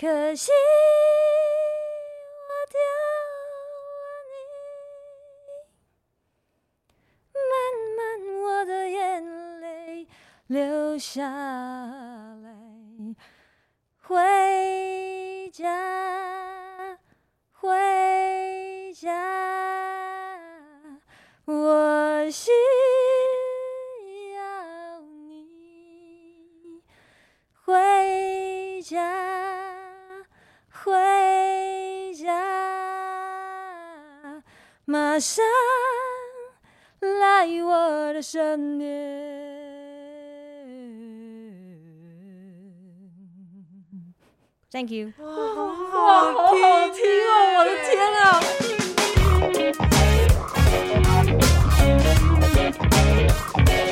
可惜我丟了你，慢慢我的眼淚流下。Thank you。啊，好好聽哦！聽聽我的天啊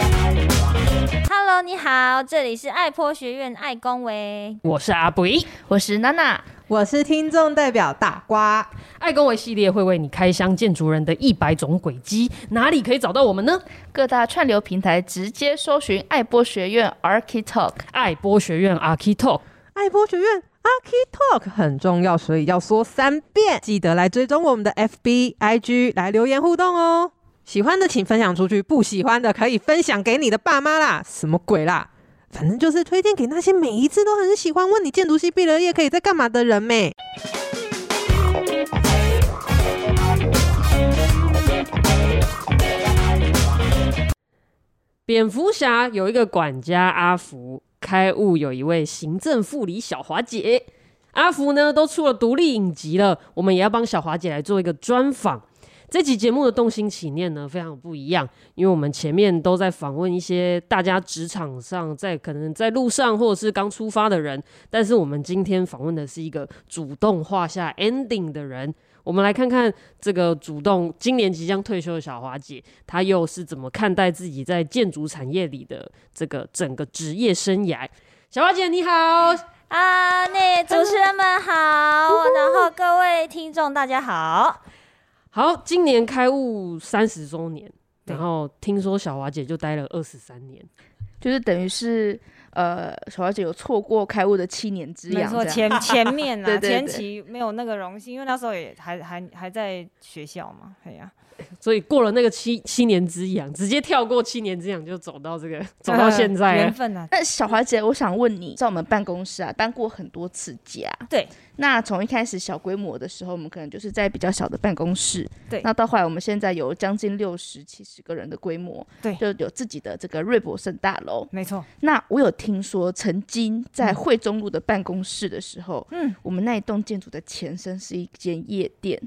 ！Hello，你好，這裡是艾波學院，艾工威，我是阿布，我是娜娜，我是聽眾代表大瓜。艾工威系列會為你開箱建築人的一百種軌跡，哪裡可以找到我們呢？各大串流平台直接搜尋“艾波學院 ArchiTALK”。艾波學院 ArchiTALK。艾波學院 ArchiTALK 很重要，所以要說三遍。記得來追蹤我們的 FB、IG，來留言互動哦。喜歡的請分享出去，不喜歡的可以分享給你的爸媽啦。什麼鬼啦？反正就是推薦給那些每一次都很喜歡問你建築系畢了業可以在幹嘛的人們、欸。蝙蝠俠有一個管家阿福，開悟有一位行政副理小華姐。阿福呢，都出了獨立影集了，我們也要幫小華姐來做一個專訪。這期節目的動心起念呢非常不一樣，因為我們前面都在訪問一些大家職場上在可能在路上或者是剛出發的人，但是我們今天訪問的是一個主動畫下 ending 的人。我們來看看這個主動今年即將退休的小華姐，她又是怎麼看待自己在建築產業裡的這個整個職業生涯？小華姐你好啊，那主持人們好，然後各位聽眾大家好。好，今年開務三十周年，然後聽說小華姐就待了二十三年，就是等於是。呃，曉華姐有錯過開務的七年之癢，前前面呢、啊， 前期沒有那個榮幸， 因為那時候也還還還在學校嘛，對呀、啊。所以過了那個七七年之癢、啊，直接跳過七年之癢、啊、就走到這個走到現在、啊。年、呃、份吶、啊！那曉華姐，我想問你在我們辦公室啊搬過很多次家。對。那從一開始小規模的時候，我們可能就是在比較小的辦公室。對。那到後來，我們現在有將近六十、七十個人的規模。對。就有自己的這個瑞博盛大樓。沒錯。那我有聽說，曾經在惠中路的辦公室的時候，嗯，嗯我們那一棟建築的前身是一間夜店。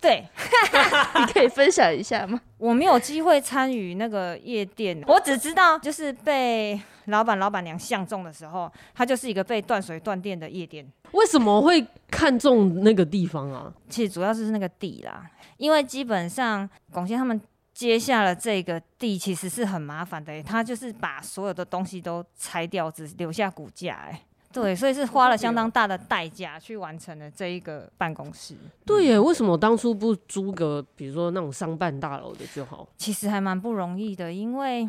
對， 你可以分享一下嗎？ 我沒有機會參與那個夜店，我只知道就是被老闆老闆娘相中的時候，它就是一個被斷水斷電的夜店。為什麼會看中那個地方啊？ 其實主要是那個地啦，因為基本上廣仙他們接下了這個地，其實是很麻煩的、欸，他就是把所有的東西都拆掉，只留下骨架、欸。對，所以是花了相當大的代價去完成了這一個辦公室。嗯、對耶，為什麼當初不租個，比如說那種商辦大樓的就好？嗯、其實還蠻不容易的，因為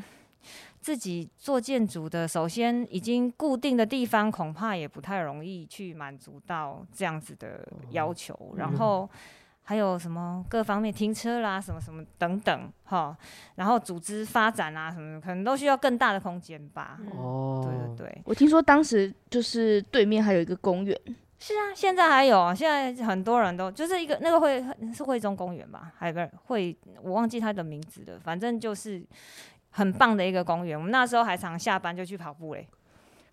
自己做建築的，首先已經固定的地方，恐怕也不太容易去滿足到這樣子的要求。哦、然後。嗯還有什麼各方面停車啦，什麼什麼等等，哈，然後組織發展啊，什麼可能都需要更大的空間吧。哦、嗯，對對對，我聽說當時就是對面還有一個公園。是啊，現在還有，現在很多人都就是一個那個會是惠中公園吧，還有個會我忘記它的名字了，反正就是很棒的一個公園。我們那時候還常下班就去跑步嘞，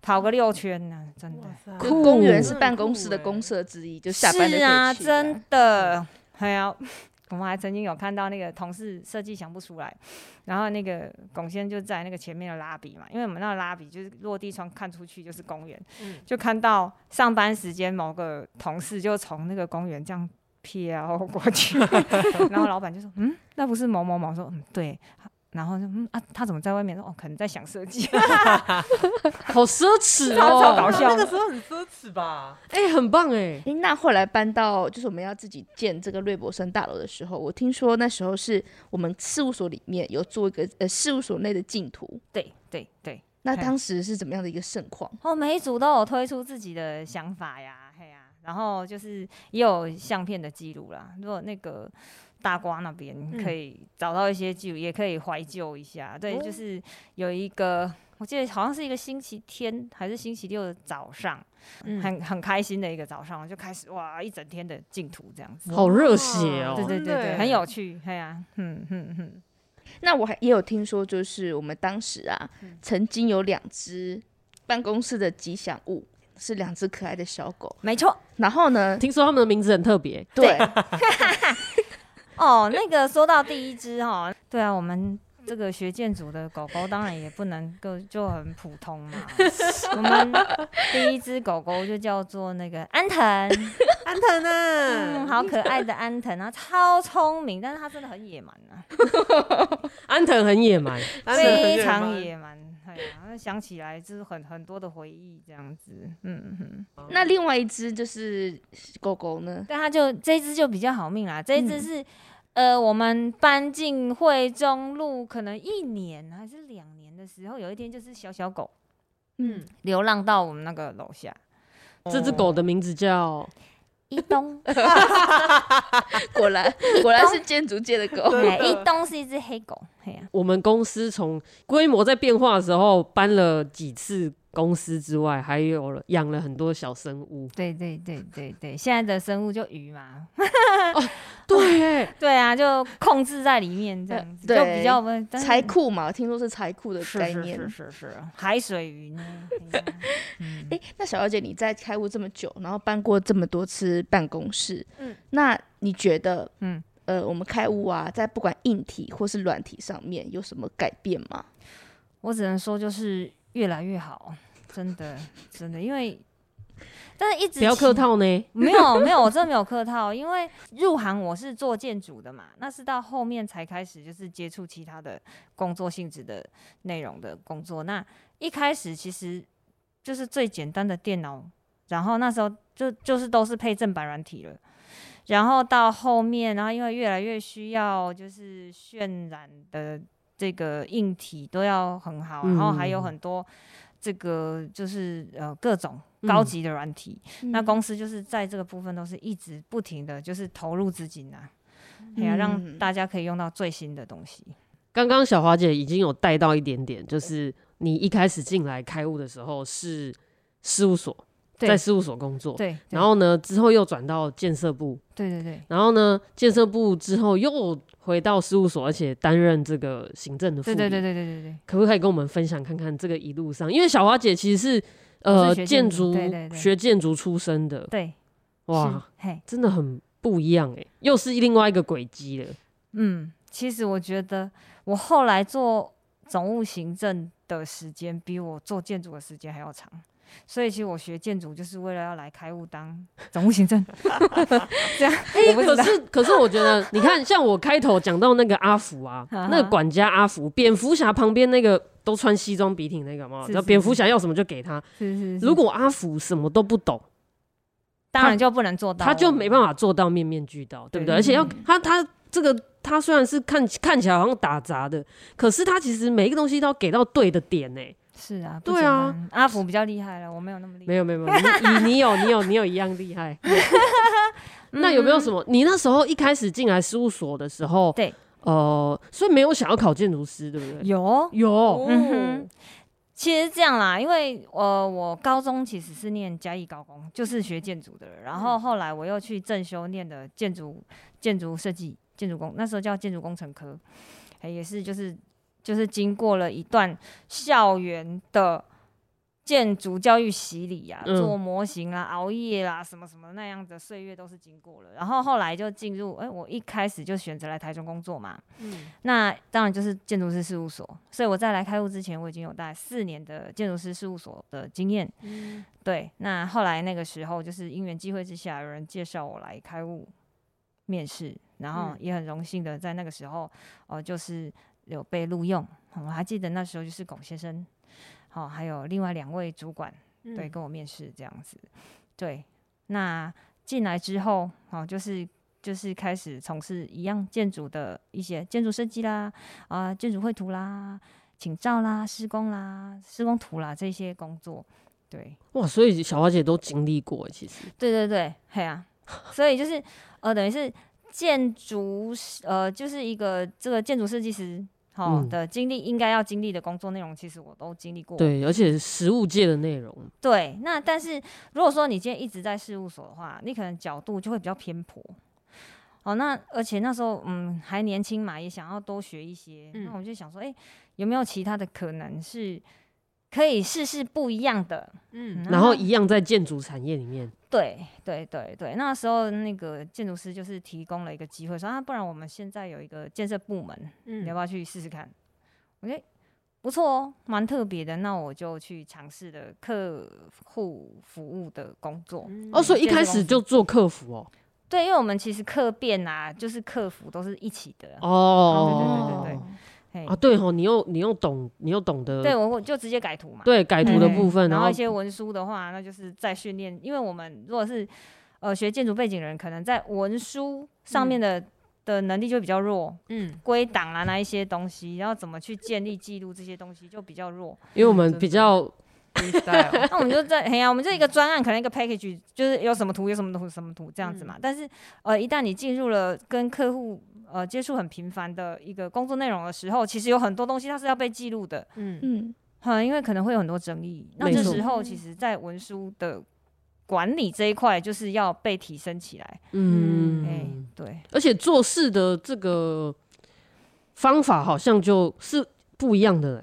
跑個六圈呢、啊，真的。這個、公園是辦公室的公社之一，就，之一欸、就下班就啊是啊，真的。嗯還有、啊，我們還曾經有看到那個同事設計想不出來，然後那個龔先生就在那個前面的拉比嘛，因為我們那個拉比就是落地窗看出去就是公園，就看到上班時間某個同事就從那個公園這樣飄過去， 然後老板就說：“嗯，那不是某某某？”說：“嗯，對。”然後就嗯啊，他怎麼在外面？哦，可能在想設計 ， 好奢侈哦，那個時候很奢侈吧、欸？哎，很棒哎哎、欸，那後來搬到就是我們要自己建這個瑞博森大樓的時候，我聽說那時候是我們事務所裡面有做一個呃事務所內的競圖。對對對，那當時是怎麼樣的一個盛況？哦，每一組都有推出自己的想法呀，嘿呀、啊，然後就是也有相片的記錄啦。如果那個。大瓜那邊可以找到一些記錄、嗯，也可以懷舊一下。對、嗯，就是有一個，我記得好像是一個星期天還是星期六的早上，嗯、很很開心的一個早上，就開始哇一整天的淨土這樣子。好熱血哦、喔！對對對對，很有趣，哎呀、啊，嗯嗯，嗯。那我還也有聽說，就是我們當時啊，嗯、曾經有兩隻辦公室的吉祥物是兩隻可愛的小狗，沒錯。然後呢，聽說他們的名字很特別，對。 哦，那個說到第一只哈，對啊，我們這個學建築的狗狗當然也不能夠就很普通嘛。 我們第一只狗狗就叫做那個安藤， 安藤啊，嗯，好可愛的安藤啊，超聰明，但是它真的很野蠻啊 安藤很野蠻。安藤很野蠻，非常野蠻。想起來就是很很多的回憶這樣子，嗯哼、嗯。那另外一隻就是狗狗呢，但它就這一隻就比較好命啦。這一隻是、嗯，呃，我們搬進匯中路可能一年還是兩年的時候，有一天就是小小狗，嗯，流浪到我們那個樓下、嗯、下。這隻狗的名字叫伊、哦、東 果，果然果然，是建築界的狗。伊東, 東是一隻黑狗。啊、我們公司從規模在變化的時候搬了幾次公司之外，還有養了很多小生物。對對對對對，現在的生物就魚嘛。 哦，對哦對啊，就控制在裡面這樣子，啊、對就比較……財庫嘛，聽說是財庫的概念，是是是，是，是，海水魚呢。哎、啊 嗯，欸，那小小姐，你在開務這麼久，然後搬過這麼多次辦公室，嗯，那你覺得，嗯？呃，我們開務啊，在不管硬體或是軟體上面有什麼改變嗎？我只能說，就是越來越好，真的，真的，因為但是一直不要客套呢，沒有，沒有，我真沒有客套， 因為入行我是做建築的嘛，那是到後面才開始就是接觸其他的工作性質的內容的工作。那一開始其實就是最簡單的電腦，然後那時候就就是都是配正版軟體了。然後到後面，然後因為越來越需要，就是渲染的這個硬體都要很好，嗯、然後還有很多這個就是呃各種高級的軟體，嗯，那公司就是在這個部分都是一直不停的就是投入資金啊，也、嗯啊、讓大家可以用到最新的東西。嗯嗯、剛剛曉華姐已經有帶到一點點，就是你一開始進來開務的時候是事務所。在事務所工作對，對，然後呢，之後又轉到建設部，對對對，然後呢，建設部之後又回到事務所，而且擔任這個行政的副理，副對，對對對對對，可不可以跟我們分享看看這個一路上？因為曉華姐其實是呃建築學建築出身的，對，對哇，真的很不一樣哎、欸，又是另外一個軌跡了。嗯，其實我覺得我後來做總務行政的時間比我做建築的時間還要長。所以其實我學建築就是為了要來開務當總務行政、 欸。可是可是我覺得， 你看，像我開頭講到那個阿福啊， 那個管家阿福， 蝙蝠俠旁邊那個都穿西裝筆挺那個嘛，然後蝙蝠俠要什麼就給他。是是是，如果阿福什麼都不懂，是是是，當然就不能做到，他就沒辦法做到面面俱到， 對不對？而且要他他，他這個他雖然是看看起來好像打雜的，可是他其實每一個東西都要給到對的點，呢。是啊，對啊，阿福比較厲害了，我沒有那麼厲害。沒有，沒有沒有，你你有你有你有一樣厲害。 那有沒有什麼？你那時候一開始進來事務所的時候，對，呃，所以沒有想要考建築師，對不對？有有、哦嗯哼。其實這樣啦，因為我，我高中其實是念嘉義高工，就是學建築的，然後後來我又去正修念的建築建築設計建築工，那時候叫建築工程科、欸，也是就是。就是經過了一段校園的建築教育洗禮啊、嗯，做模型啊，熬夜啊，什麼什麼那樣的歲月都是經過了。然後後來就進入，哎、欸，我一開始就選擇來台中工作嘛。嗯，那當然就是建築師事務所，所以我在來開務之前，我已經有大概四年的建築師事務所的經驗。嗯，對。那後來那個時候，就是因緣際會之下，有人介紹我來開務面試，然後也很榮幸的在那個時候，哦、嗯呃，就是。有被錄用，我還記得，那時候就是龔先生，哦，還有另外兩位主管，嗯、對，跟我面試這樣子，對，那進來之後哦，就是就是開始從事一樣建築的一些建築設計啦啊，呃、建築繪圖啦，請照啦，施工啦，施工圖啦，施工圖啦這些工作，對哇，所以小華姐都經歷過，其實對對對，嘿啊。所以就是呃等於是建築師呃就是一個這個建築設計師。好的、嗯、經歷應該要經歷的工作內容，其實我都經歷過。對，而且實務界的內容，對。那但是如果說你今天一直在事務所的話，你可能角度就會比較偏頗。好、喔，那而且那時候嗯還年輕嘛，也想要多學一些。嗯、那我們就想說，誒、欸，有沒有其他的可能是？可以試試不一樣的，嗯，然後一樣在建築產業裡面，對對對對，那時候那個建築師就是提供了一個機會說，說啊，不然我們現在有一個建設部門，嗯，你要不要去試試看我覺得、okay? 不錯哦，蠻特別的，那我就去嘗試了客戶服務的工作、嗯。哦，所以一開始就做客服哦？對，因為我們其實客變啊，就是客服都是一起的哦，哦，對對對對對。哦啊，對吼，你又你又懂，你又懂得，對我我就直接改圖嘛，對改圖的部分、嗯，然後一些文書的話，那就是在訓練，因為我們如果是呃學建築背景的人，可能在文書上面的、嗯、的能力就比較弱，嗯，歸檔啊那一些東西，然後怎麼去建立記錄這些東西就比較弱，因為我們比較， In style, 那我們就在哎呀、啊，我們這一個專案可能一個 package 就是有什麼圖有什麼圖什麼圖這樣子嘛，嗯、但是呃一旦你進入了跟客戶。呃，接觸很頻繁的一個工作內容的時候，其實有很多東西它是要被記錄的。嗯嗯,嗯，因為可能會有很多爭議，那這時候其實，在文書的管理這一塊，就是要被提升起來。嗯，哎、欸，對。而且做事的這個方法好像就是不一樣的、欸、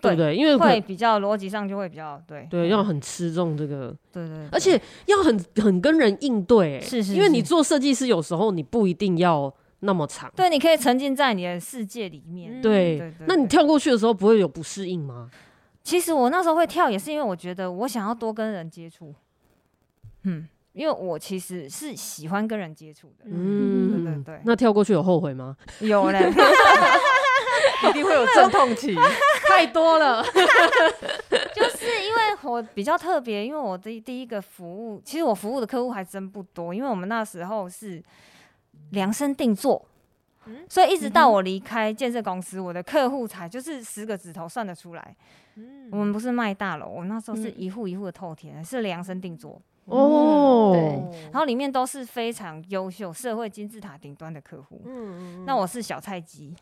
對對,對？因為會比較邏輯上就會比較對對，要很吃重這個，對對,對,對。而且要很很跟人應對、欸，是是,是，因為你做設計師有時候你不一定要。那麼長，對，你可以沉浸在你的世界裡面。嗯、對,對,對,對,對，那你跳過去的時候不會有不適應嗎？其實我那時候會跳，也是因為我覺得我想要多跟人接觸。嗯，因為我其實是喜歡跟人接觸的。嗯，對,對,對。那跳過去有後悔嗎？有嘞， 一定會有陣痛期， 太多了。 就是因為我比較特別，因為我的第,第一個服務，其實我服務的客戶還真不多，因為我們那時候是。量身定做、嗯，所以一直到我離開建設公司、嗯，我的客戶才就是十個指頭算得出來。嗯、我們不是賣大樓，我那時候是一戶一戶的透天、嗯，是量身定做。哦、嗯，對，然後裡面都是非常優秀、社會金字塔頂端的客戶嗯嗯嗯。那我是小菜雞。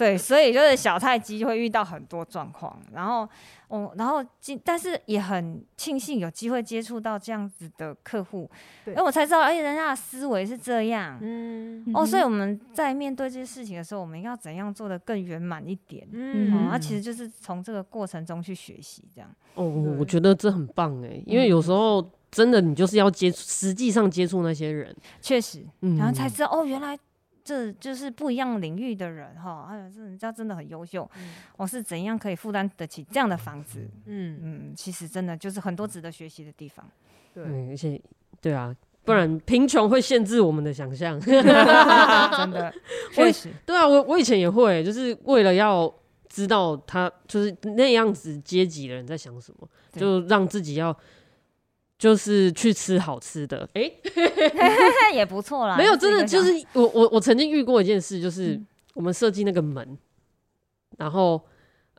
對，所以就是小太機就會遇到很多狀況，然後我、哦，然後，但是也很慶幸有機會接觸到這樣子的客戶，因為我才知道，哎、欸，人家的思維是這樣，嗯，哦，所以我們在面對這些事情的時候，我們要怎樣做得更圓滿一點嗯嗯。嗯，啊，其實就是從這個過程中去學習，這樣。哦，我覺得這很棒哎，因為有時候真的你就是要接觸，實際上接觸那些人，確、嗯、實，然後才知道、嗯、哦，原來。是，就是不一樣領域的人哈、哦，還有是人家真的很優秀、嗯，我是怎樣可以負擔得起這樣的房子？嗯嗯，其實真的就是很多值得學習的地方。對，嗯、而且對啊，不然貧窮會限制我們的想象，嗯、 真的。確實。 我以前對啊，我我以前也會，就是為了要知道他就是那樣子階級的人在想什麼，對，就讓自己要。對就是去吃好吃的、欸，哎， 也不錯啦。沒有，真的是就是我我我曾經遇過一件事，就是我們設計那個門，嗯、然後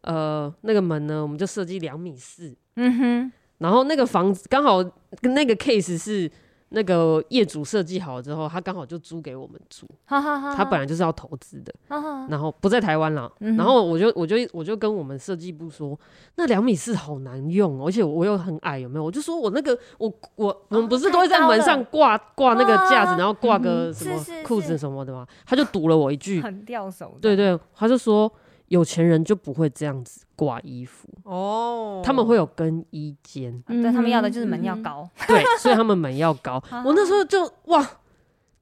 呃那個門呢，我們就設計兩米四，嗯哼，然後那個房子剛好跟那個 case 是。那個業主設計好了之後，他剛好就租給我們住。他本來就是要投資的，然後不在台灣了。然後我就我就我就我就跟我們設計部說，那兩米四好難用喔，而且我又很矮，有沒有？我就說我那個我我我們不是都會在門上掛掛那個架子，然後掛個什麼褲子什麼的嘛。他就堵了我一句，很吊手。對對，他就說。有錢人就不會這樣子掛衣服哦，oh. 他們會有更衣間，啊、對他們要的就是門要高， 對，所以他們門要高。 好好，我那時候就哇。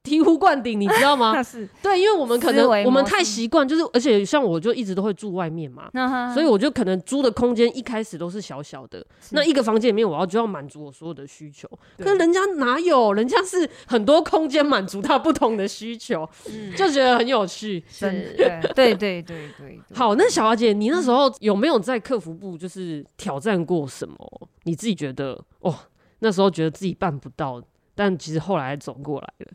醍醐灌頂，你知道嗎？ 對，因為我們可能我們太習慣，就是而且像我就一直都會住外面嘛，所以我就可能租的空間一開始都是小小的，那一個房間裡面我要就要滿足我所有的需求，可是人家哪有，人家是很多空間滿足他不同的需求，就覺得很有趣。對，對，對，對，對。好，那小華姐，你那時候有沒有在客服部就是挑戰過什麼？你自己覺得哦、喔，那時候覺得自己辦不到，但其實後來還走過來了。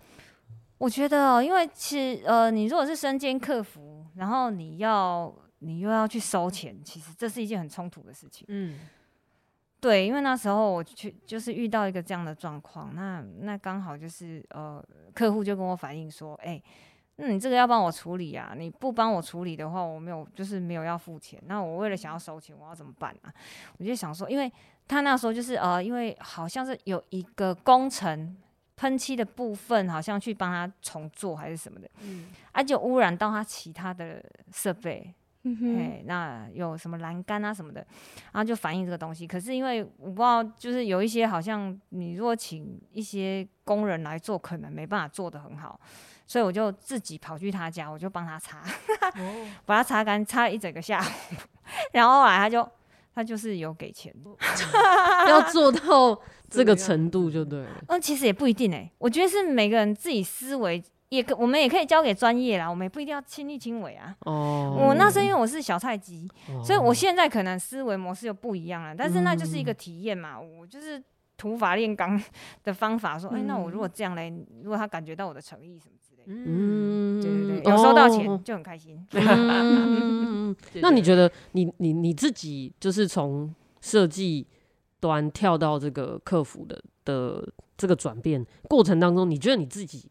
我覺得、喔，因為其實，呃，你如果是身兼客服，然後你要，你又要去收錢，其實這是一件很衝突的事情。嗯，對，因為那時候我去，就是遇到一個這樣的狀況，那那剛好就是，呃，客戶就跟我反映說，哎、欸，那你這個要幫我處理啊，你不幫我處理的話，我沒有，就是沒有要付錢。那我為了想要收錢，我要怎麼辦呢、啊？我就想說，因為他那時候就是，呃，因為好像是有一個工程。噴漆的部分好像去幫他重做還是什麼的，嗯，而、啊、就污染到他其他的設備，嗯哼、欸、那有什麼欄杆啊什麼的，然後就反映這個東西。可是因為我不知道，就是有一些好像你如果請一些工人來做，可能沒辦法做得很好，所以我就自己跑去他家，我就幫他擦， 把他擦乾，擦了一整個下午，然後後、啊、來他就。他就是有給錢， 要做到這個程度就對了。 對、啊。嗯，其實也不一定哎、欸，我覺得是每個人自己思維也可，我們也可以交給專業啦，我們也不一定要親力親為啊。哦，我那是因為我是小菜雞、哦，所以我現在可能思維模式又不一樣了。但是那就是一個體驗嘛、嗯，我就是土法煉鋼的方法，說，哎、欸，那我如果這樣嘞，如果他感覺到我的誠意什麼。嗯，對對對，有收到錢就很開心。哦 嗯、那你覺得你，你你你自己就是從設計端跳到這個客服的的這個轉變過程當中，你覺得你自己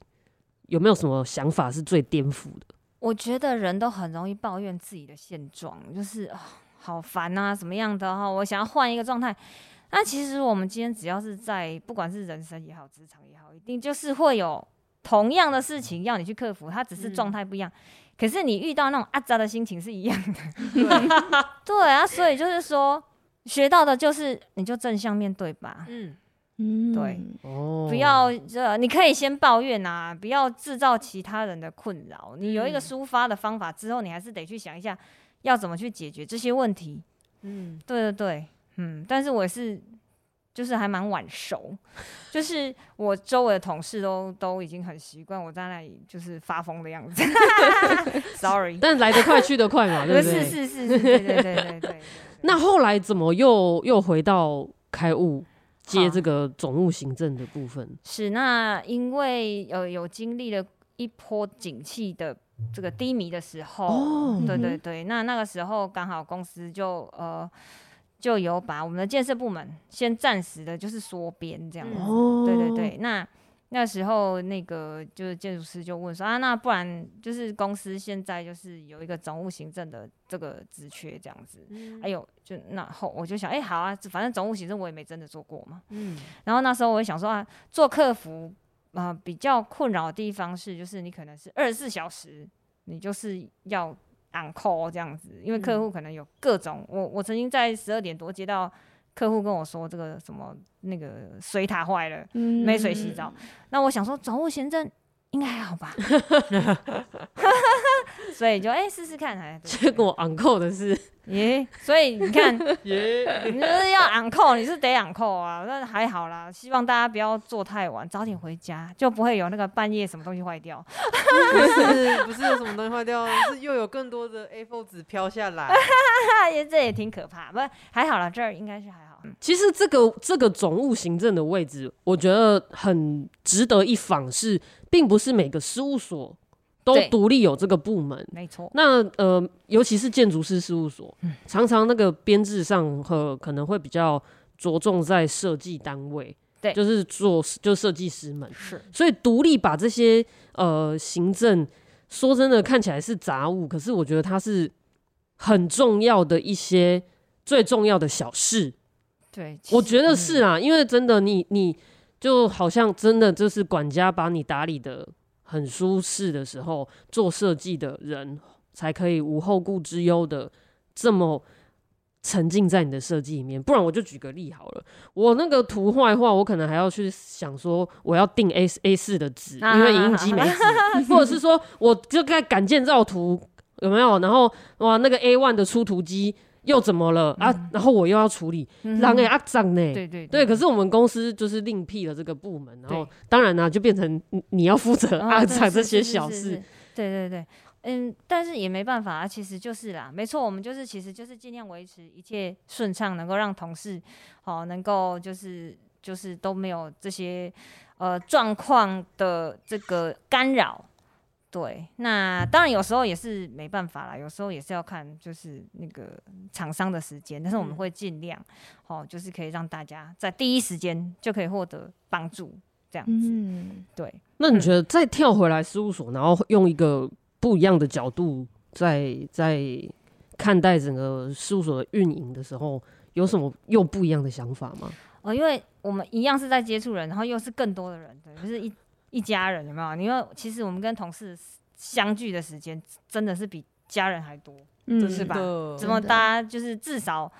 有沒有什麼想法是最顛覆的？我覺得人都很容易抱怨自己的現狀，就是、哦、好煩啊，什麼樣的哈、啊？我想要換一個狀態。那其實我們今天只要是在，不管是人生也好，職場也好，一定就是會有。同樣的事情要你去克服，它只是狀態不一樣、嗯。可是你遇到那種阿扎的心情是一樣的。嗯、 對啊，所以就是說，學到的就是你就正向面對吧。嗯對、哦，不要這，你可以先抱怨啊，不要制造其他人的困擾、嗯。你有一個抒發的方法之後，你還是得去想一下要怎麼去解決這些問題。嗯，對對對，嗯，但是我也是。就是還蠻晚熟，就是我周圍的同事都都已經很習慣我在那裡就是發瘋的樣子 ，sorry，但來得快 去得快嘛， 對不對？是是是是是是是是。對對對對對對對對 那後來怎麼又又回到開務接這個總務行政的部分？啊、是，那因為呃有經歷了一波景氣的這個低迷的時候，哦、對對對、嗯，那那個時候剛好公司就呃。就有把我們的建設部門先暫時的，就是縮編這樣子、哦。對對對，那那時候那個就是建築師就問說啊，那不然就是公司現在就是有一個總務行政的這個職缺這樣子，嗯、哎呦，就那後我就想，哎、欸，好啊，反正總務行政我也沒真的做過嘛。嗯、然後那時候我也想說啊，做客服啊、呃、比較困擾的地方是，就是你可能是二十四小時，你就是要。按 call 這樣子，因為客戶可能有各種，嗯、我我曾經在十二點多接到客戶跟我說這個什麼那個水塔壞了，嗯，沒水洗澡，嗯，那我想說，找我先陣應該還好吧。 所以就哎，試、欸、試看，啊，哎，結果昂扣的是耶，yeah, 所以你看，耶、yeah.，你就是要昂扣，你是得昂扣啊。那還好啦，希望大家不要坐太晚，早點回家，就不會有那個半夜什麼東西壞掉。不是不是有什麼東西壞掉， 是又有更多的 A4 紙飄下來。 也這也挺可怕，不還好啦，這兒應該是還好。其實這個這個總務行政的位置，我覺得很值得一訪，是並不是每個事務所。都獨立有這個部門，沒錯。那呃，尤其是建築師事務所，嗯、常常那個編制上和可能會比較着重在設計單位，對，就是做就設計師們是。所以獨立把這些呃行政，說真的看起來是雜物，可是我覺得它是很重要的一些最重要的小事。對，我覺得是啊，嗯、因為真的你你就好像真的就是管家把你打理的。很舒適的時候，做設計的人才可以無後顧之憂的這麼沉浸在你的設計裡面。不然我就舉個例好了，我那個圖畫的話，我可能還要去想說，我要訂 A 四 A 四的紙，因為影印機沒紙，或者是說我就該趕建造圖有沒有？然後哇，那個 A one 的出圖機。又怎麼了、嗯、啊？然後我又要處理，讓、嗯、給阿長呢？對對，對對對，可是我們公司就是另闢了這個部門，然後當然啦、啊，就變成你要負責阿長這些小事、哦對。對對對，嗯，但是也沒辦法啊，其實就是啦，沒錯，我們就是其實就是盡量維持一切順暢，能夠讓同事好、哦，能夠就是就是都沒有這些呃狀況的這個干擾。對，那當然有時候也是沒辦法啦，有時候也是要看就是那個廠商的時間，但是我們會盡量，哦、嗯，就是可以讓大家在第一時間就可以獲得幫助，這樣子、嗯。對。那你覺得再跳回來事務所，然後用一個不一樣的角度，在在看待整個事務所的運營的時候，有什麼又不一樣的想法嗎？嗯法嗎嗯、哦，因為我們一樣是在接觸人，然後又是更多的人，不、就是一。一家人有沒有？因為其實我們跟同事相聚的時間真的是比家人還多，就、嗯、是吧？怎麼大家就是至少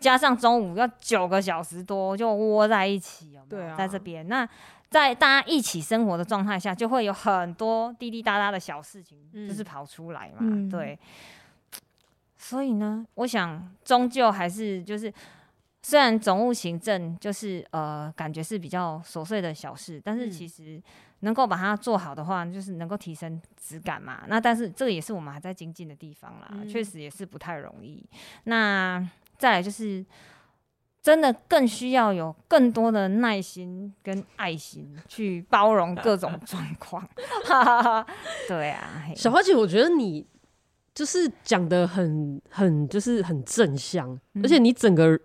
加上中午要九個小時多就窩在一起，有沒有？啊、在這邊，那在大家一起生活的狀態下，就會有很多滴滴答答的小事情，就是跑出來嘛。嗯、對、嗯，所以呢，我想終究還是就是。雖然總務行政就是呃，感覺是比較瑣碎的小事，但是其實能夠把它做好的話，就是能夠提升質感嘛。那但是這個也是我們還在精進的地方啦，確實也是不太容易。那再來就是真的更需要有更多的耐心跟愛心去包容各種狀況。哈哈哈，對啊，小華姐，我覺得你就是講得很很就是很正向，而且你整個。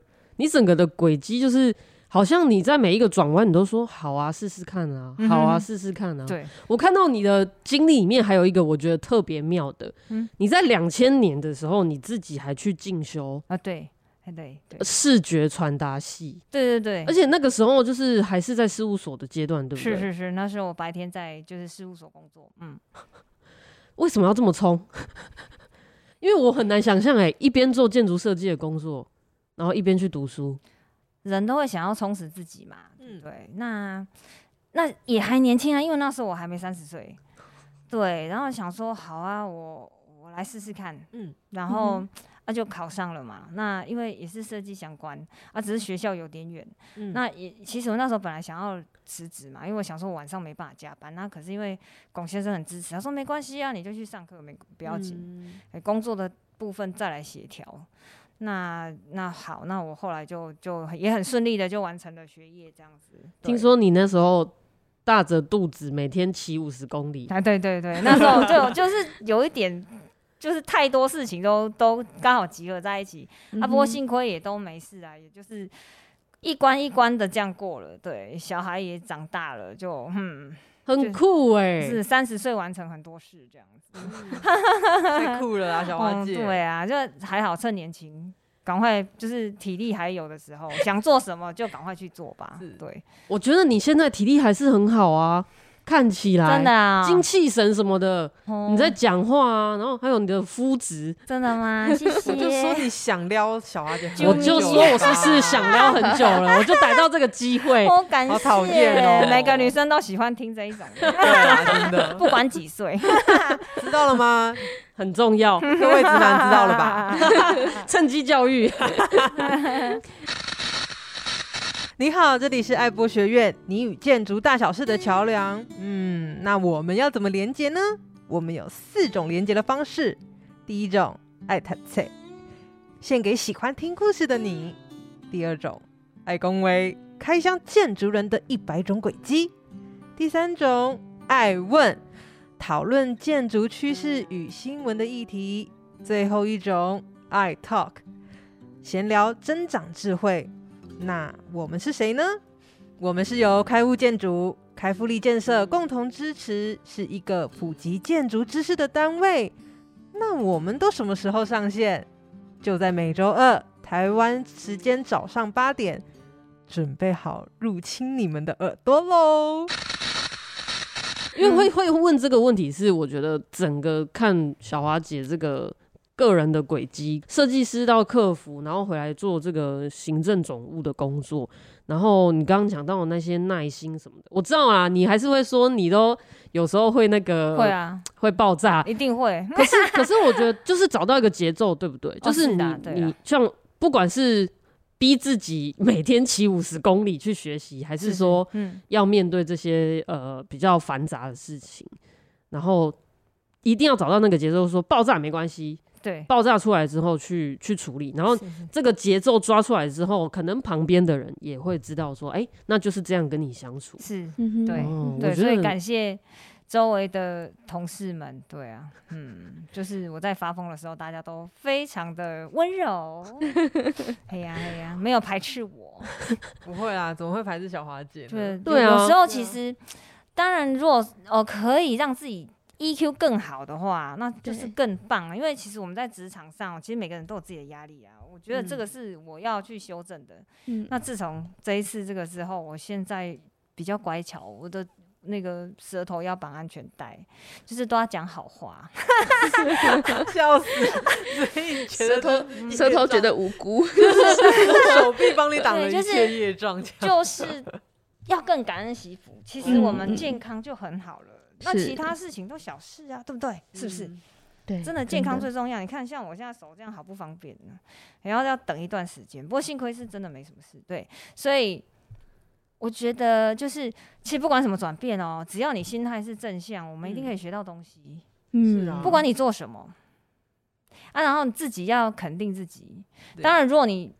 你整個的軌跡就是，好像你在每一個轉彎，你都說好啊，試試看啊，好啊，試試看啊，嗯哼，試試看啊。對，我看到你的經歷裡面，還有一個我覺得特別妙的，嗯，你在兩千年的時候，你自己還去進修啊？對，對，對，視覺傳達系。對對對，而且那個時候就是還是在事務所的階段，對不對？是是是，那時候我白天在就是事務所工作，嗯。 為什麼要這麼衝？ 因為我很難想象，哎，一邊做建築設計的工作。然後一邊去讀書，人都會想要充實自己嘛。對，嗯、那那也還年輕啊，因為那時候我還沒三十歲。對，然後想說，好啊，我我來試試看。嗯，然後那、嗯啊、就考上了嘛。那因為也是設計相關，啊，只是學校有點遠。嗯、那也其實我那時候本來想要辭職嘛，因為我想說我晚上沒辦法加班。那可是因為龔先生很支持，他說沒關係啊，你就去上課，沒不要緊、嗯欸，工作的部分再來協調。那那好，那我後來就就也很順利的就完成了學業，這樣子。聽說你那時候大着肚子，每天騎五十公里。啊，對對對，那時候就 就是有一點，就是太多事情都都剛好集合在一起。啊、嗯，不過幸虧也都沒事啊，也就是一關一關的這樣過了。對，小孩也長大了，就嗯。很酷哎，欸，是三十歲完成很多事這樣子，嗯、 太酷了啊！小華姐，嗯，對啊，就還好趁年輕，趕快就是體力還有的時候， 想做什麼就趕快去做吧。對，我覺得你現在體力還是很好啊。看起來，真的啊，哦，精氣神什麼的，oh. 你在講話啊，然後還有你的膚質。真的嗎？謝謝 我就說，你想撩曉華姐， 我就說，我是不是想撩很久了， 我就逮到這個機會，感謝好討厭、喔，每個女生都喜歡聽這一種 對，真的，不管幾歲， 知道了嗎？很重要， 各位直男知道了吧？ 趁機機教育。 你好，這裡是艾波學院，你與建築大小事的橋樑。嗯，那我們要怎麼連接呢？我們有四種連接的方式：第一種，艾談菜，獻給喜歡聽故事的你；第二種，艾工威，開箱建築人的一百種軌跡；第三種，艾問，討論建築趨勢與新聞的議題；最後一種，艾 talk，閒聊增長智慧。那我們是誰呢？我們是由開物建築、開福利建設共同支持，是一個普及建築知識的單位。那我們都什麼時候上線？就在每周二台灣時間早上八點，準備好入侵你們的耳朵嘍、嗯！因為會會問這個問題是，是我覺得整個看小華姐這個。個人的軌跡，設計師到客服，然後回來做這個行政總務的工作。然後你剛剛講到的那些耐心什麼的，我知道啊，你還是會說你都有時候會那個，會啊，會爆炸，一定會。可是可是我覺得就是找到一個節奏， 對不對？就是你、哦是啊、你像不管是逼自己每天騎五十公里去學習，還是說嗯要面對這些 呃比較繁雜的事情，然後一定要找到那個節奏說，說爆炸也沒關係。對，爆炸出來之後去去處理，然後這個節奏抓出來之後，是是可能旁邊的人也會知道說，哎、欸，那就是這樣跟你相處。是，嗯、對、嗯對，對，所以感謝周圍的同事們。對啊，嗯，就是我在發瘋的時候，大家都非常的溫柔。 哎呀哎呀，沒有排斥我。不會啦，怎麼會排斥小華姐？對對啊，有時候其實，當然，如果哦、呃、可以讓自己。EQ 更好的話，那就是更棒了。因為其實我們在職場上、喔，其實每個人都有自己的壓力啊。我覺得這個是我要去修正的。嗯、那自從這一次這個之後，我現在比較乖巧，我的那個舌頭要綁安全帶，就是都要講好話，笑死！ 舌頭舌頭覺得無辜， 就是手臂幫你擋了一切業障、就是，就是要更感恩惜福。其實我們健康就很好了。嗯嗯那其他事情都小事啊，對不對？是不是、嗯？對，真的健康最重要。你看，像我現在手這樣，好不方便呢、啊，然要要等一段時間。不過幸虧是真的沒什麼事，對。所以我覺得，就是其實不管什麼轉變哦，只要你心態是正向，我們一定可以學到東西。嗯，嗯，不管你做什麼啊，然後你自己要肯定自己。當然，如果你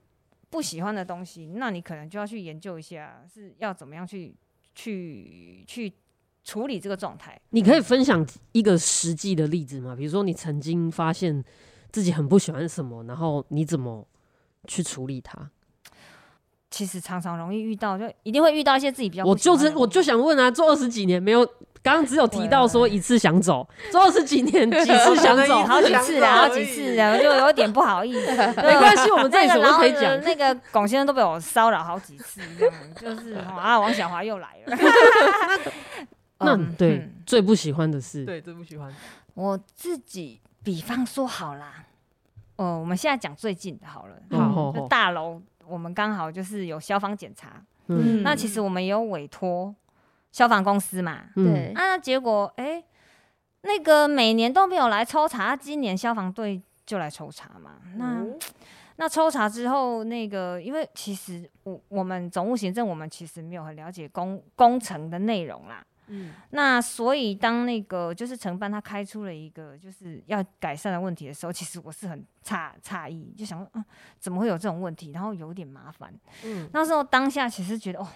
不喜歡的東西，那你可能就要去研究一下，是要怎麼樣去去去。去處理這個狀態，你可以分享一個實際的例子嗎、嗯？比如說你曾經發現自己很不喜歡什麼，然後你怎麼去處理它？其實常常容易遇到，就一定會遇到一些自己比較……我就是我就想問啊，做二十幾年沒有，剛剛只有提到說一次想走，做二十幾年幾次想走， 好幾次啊，好幾次了 就有點不好意思。 沒關係，我們這個可以講。那個龔、呃那個龔先生都被我騷擾好幾次，嗯、 就是啊，王小華又來了。 那對、嗯、最不喜歡的是對最不喜歡我自己，比方說好啦，哦、呃，我們現在講最近的好了，好、嗯，就大樓我們剛好就是有消防檢查，嗯，那其實我們有委託消防公司嘛，對、嗯，那、啊、結果哎、欸，那個每年都沒有來抽查，啊、今年消防隊就來抽查嘛，那、嗯、那抽查之後，那個因為其實我我們總務行政，我們其實沒有很了解工工程的內容啦。嗯，那所以當那個就是承辦他開出了一個就是要改善的問題的時候，其實我是很詫詫異，就想說啊、嗯，怎麼會有這種問題？然後有點麻煩。嗯，那時候當下其實覺得哦，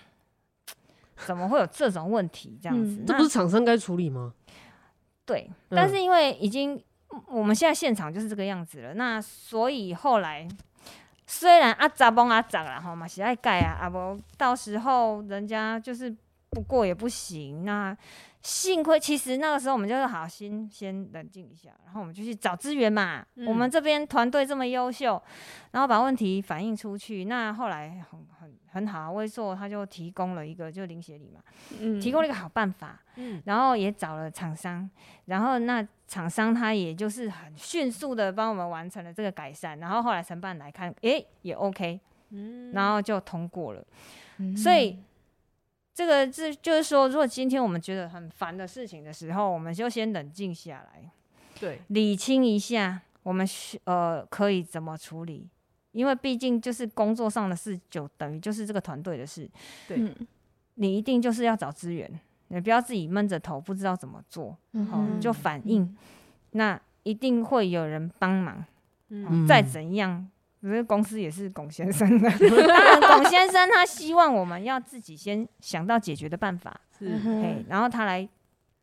怎麼會有這種問題？這樣子，嗯、這不是廠商該處理嗎？對，但是因為已經、嗯、我們現在現場就是這個樣子了，那所以後來雖然阿扎崩阿扎，然後嘛是愛改啊，阿、啊、不到時候人家就是。不過也不行，那幸虧其實那個時候我們就是好心，先冷靜一下，然後我們就去找資源嘛、嗯。我們這邊團隊這麼優秀，然後把問題反映出去，那後來很很很好，魏碩他就提供了一個就零協理嘛、嗯，提供了一個好辦法，然後也找了廠商，然後那廠商他也就是很迅速的幫我們完成了這個改善，然後後來承辦來看，哎、欸，也 OK，然後就通過了，嗯、所以。這個這就是說，如果今天我們覺得很煩的事情的時候，我們就先冷靜下來，對，理清一下我們呃可以怎麼處理，因為畢竟就是工作上的事，就等於就是這個團隊的事，對、嗯，你一定就是要找資源，你不要自己悶着頭不知道怎麼做，好、嗯嗯、就反映、嗯，那一定會有人幫忙嗯，嗯，再怎樣。可是公司也是龔先生的， 當然龔先生他希望我們要自己先想到解決的辦法，是嘿，然後他來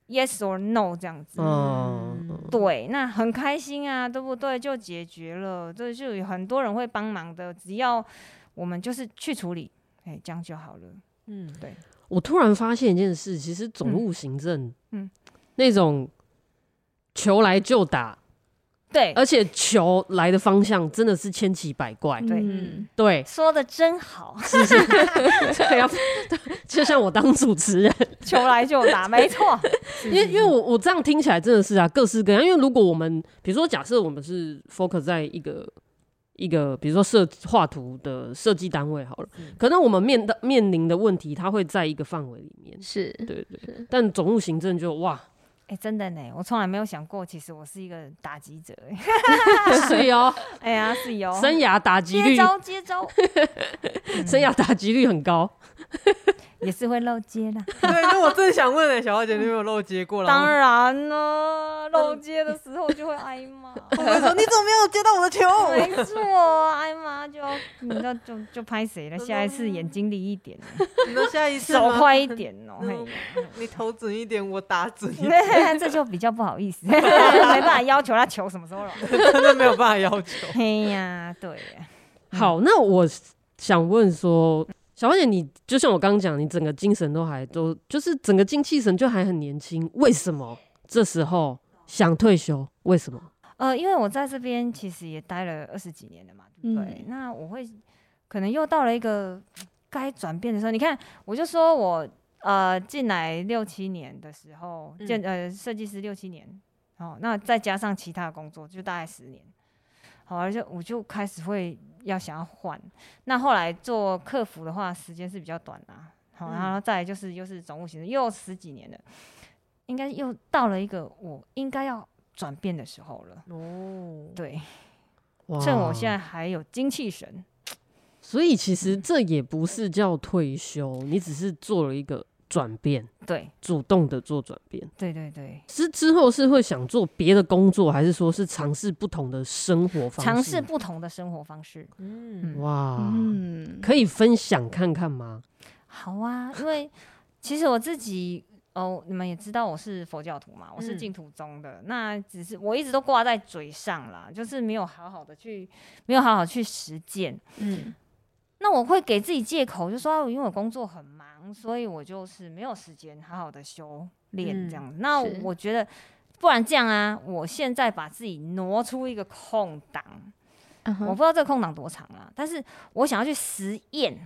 yes or no 這樣子，嗯，對，那很開心啊，對不對？就解決了，這就有很多人會幫忙的，只要我們就是去處理，嘿，這樣就好了。嗯，對。我突然發現一件事，其實總務行政，嗯，嗯那種求來就打。對，而且球來的方向真的是千奇百怪。對，嗯、對，說的真好。是是， 對啊、 就像我當主持人，球來就打，沒錯。因為因為我我這樣聽起來真的是啊，各式各樣。因為如果我們比如說假設我們是 focus 在一個一個，比如說設畫圖的設計單位好了、嗯，可能我們面的面臨的問題，它會在一個範圍裡面。是，對對、對。但總務行政就哇。哎、欸，真的呢，我從來沒有想過，其實我是一個打擊者，是水哦，哎呀，是哦，生涯打擊率，接招接招 ，生涯打擊率很高。也是會漏接的。 對，那我正想問哎、欸，小，小華姐，你有沒有漏接過？當然了，漏接的時候就會挨罵。嗯、 我會說你怎麼沒有接到我的球？沒錯，挨 罵就你那就就拍誰了？ 一欸、下一次眼睛離一點，你下一次手快一點哦、喔。 嘿嘿嘿 你投準一點，我打準一點， 這就比較不好意思， 沒辦法要求他球什麼時候來，真 的 沒有辦法要求。哎 呀、hey 啊，對呀、啊。好、嗯，那我想問說。小花姐，你就像我剛剛講，你整個精神都還都就是整個精氣神就還很年輕，為什麼這時候想退休？為什麼？呃，因為我在這邊其實也待了二十幾年了嘛，對不對？嗯、那我會可能又到了一個該轉變的時候。你看，我就說我呃進來六七年的時候，嗯、建呃設計師六七年，哦，那再加上其他工作就大概十年，好，而且我就開始會。要想要換，那後來做客服的話，時間是比較短啊。好，然後再就是，又是總務行政、嗯，又十幾年了，應該又到了一個我應該要轉變的時候了。哦，對，趁我現在還有精氣神，所以其實這也不是叫退休，嗯、你只是做了一個。轉變，對，主動的做轉變，對，對對對。是之後是會想做別的工作，還是說是嘗試不同的生活方式？嘗試不同的生活方式，嗯，哇，嗯，可以分享看看嗎？好啊，因為其實我自己， 哦，你們也知道我是佛教徒嘛，我是淨土宗的。嗯，那只是我一直都掛在嘴上啦，就是沒有好好的去，沒有好好去實踐，嗯。我會給自己借口，就說、啊、因為我工作很忙，所以我就是沒有時間好好的修煉、嗯、這樣。那我覺得，不然這樣啊，我現在把自己挪出一個空檔、嗯，我不知道這個空檔多長啊，但是我想要去實驗，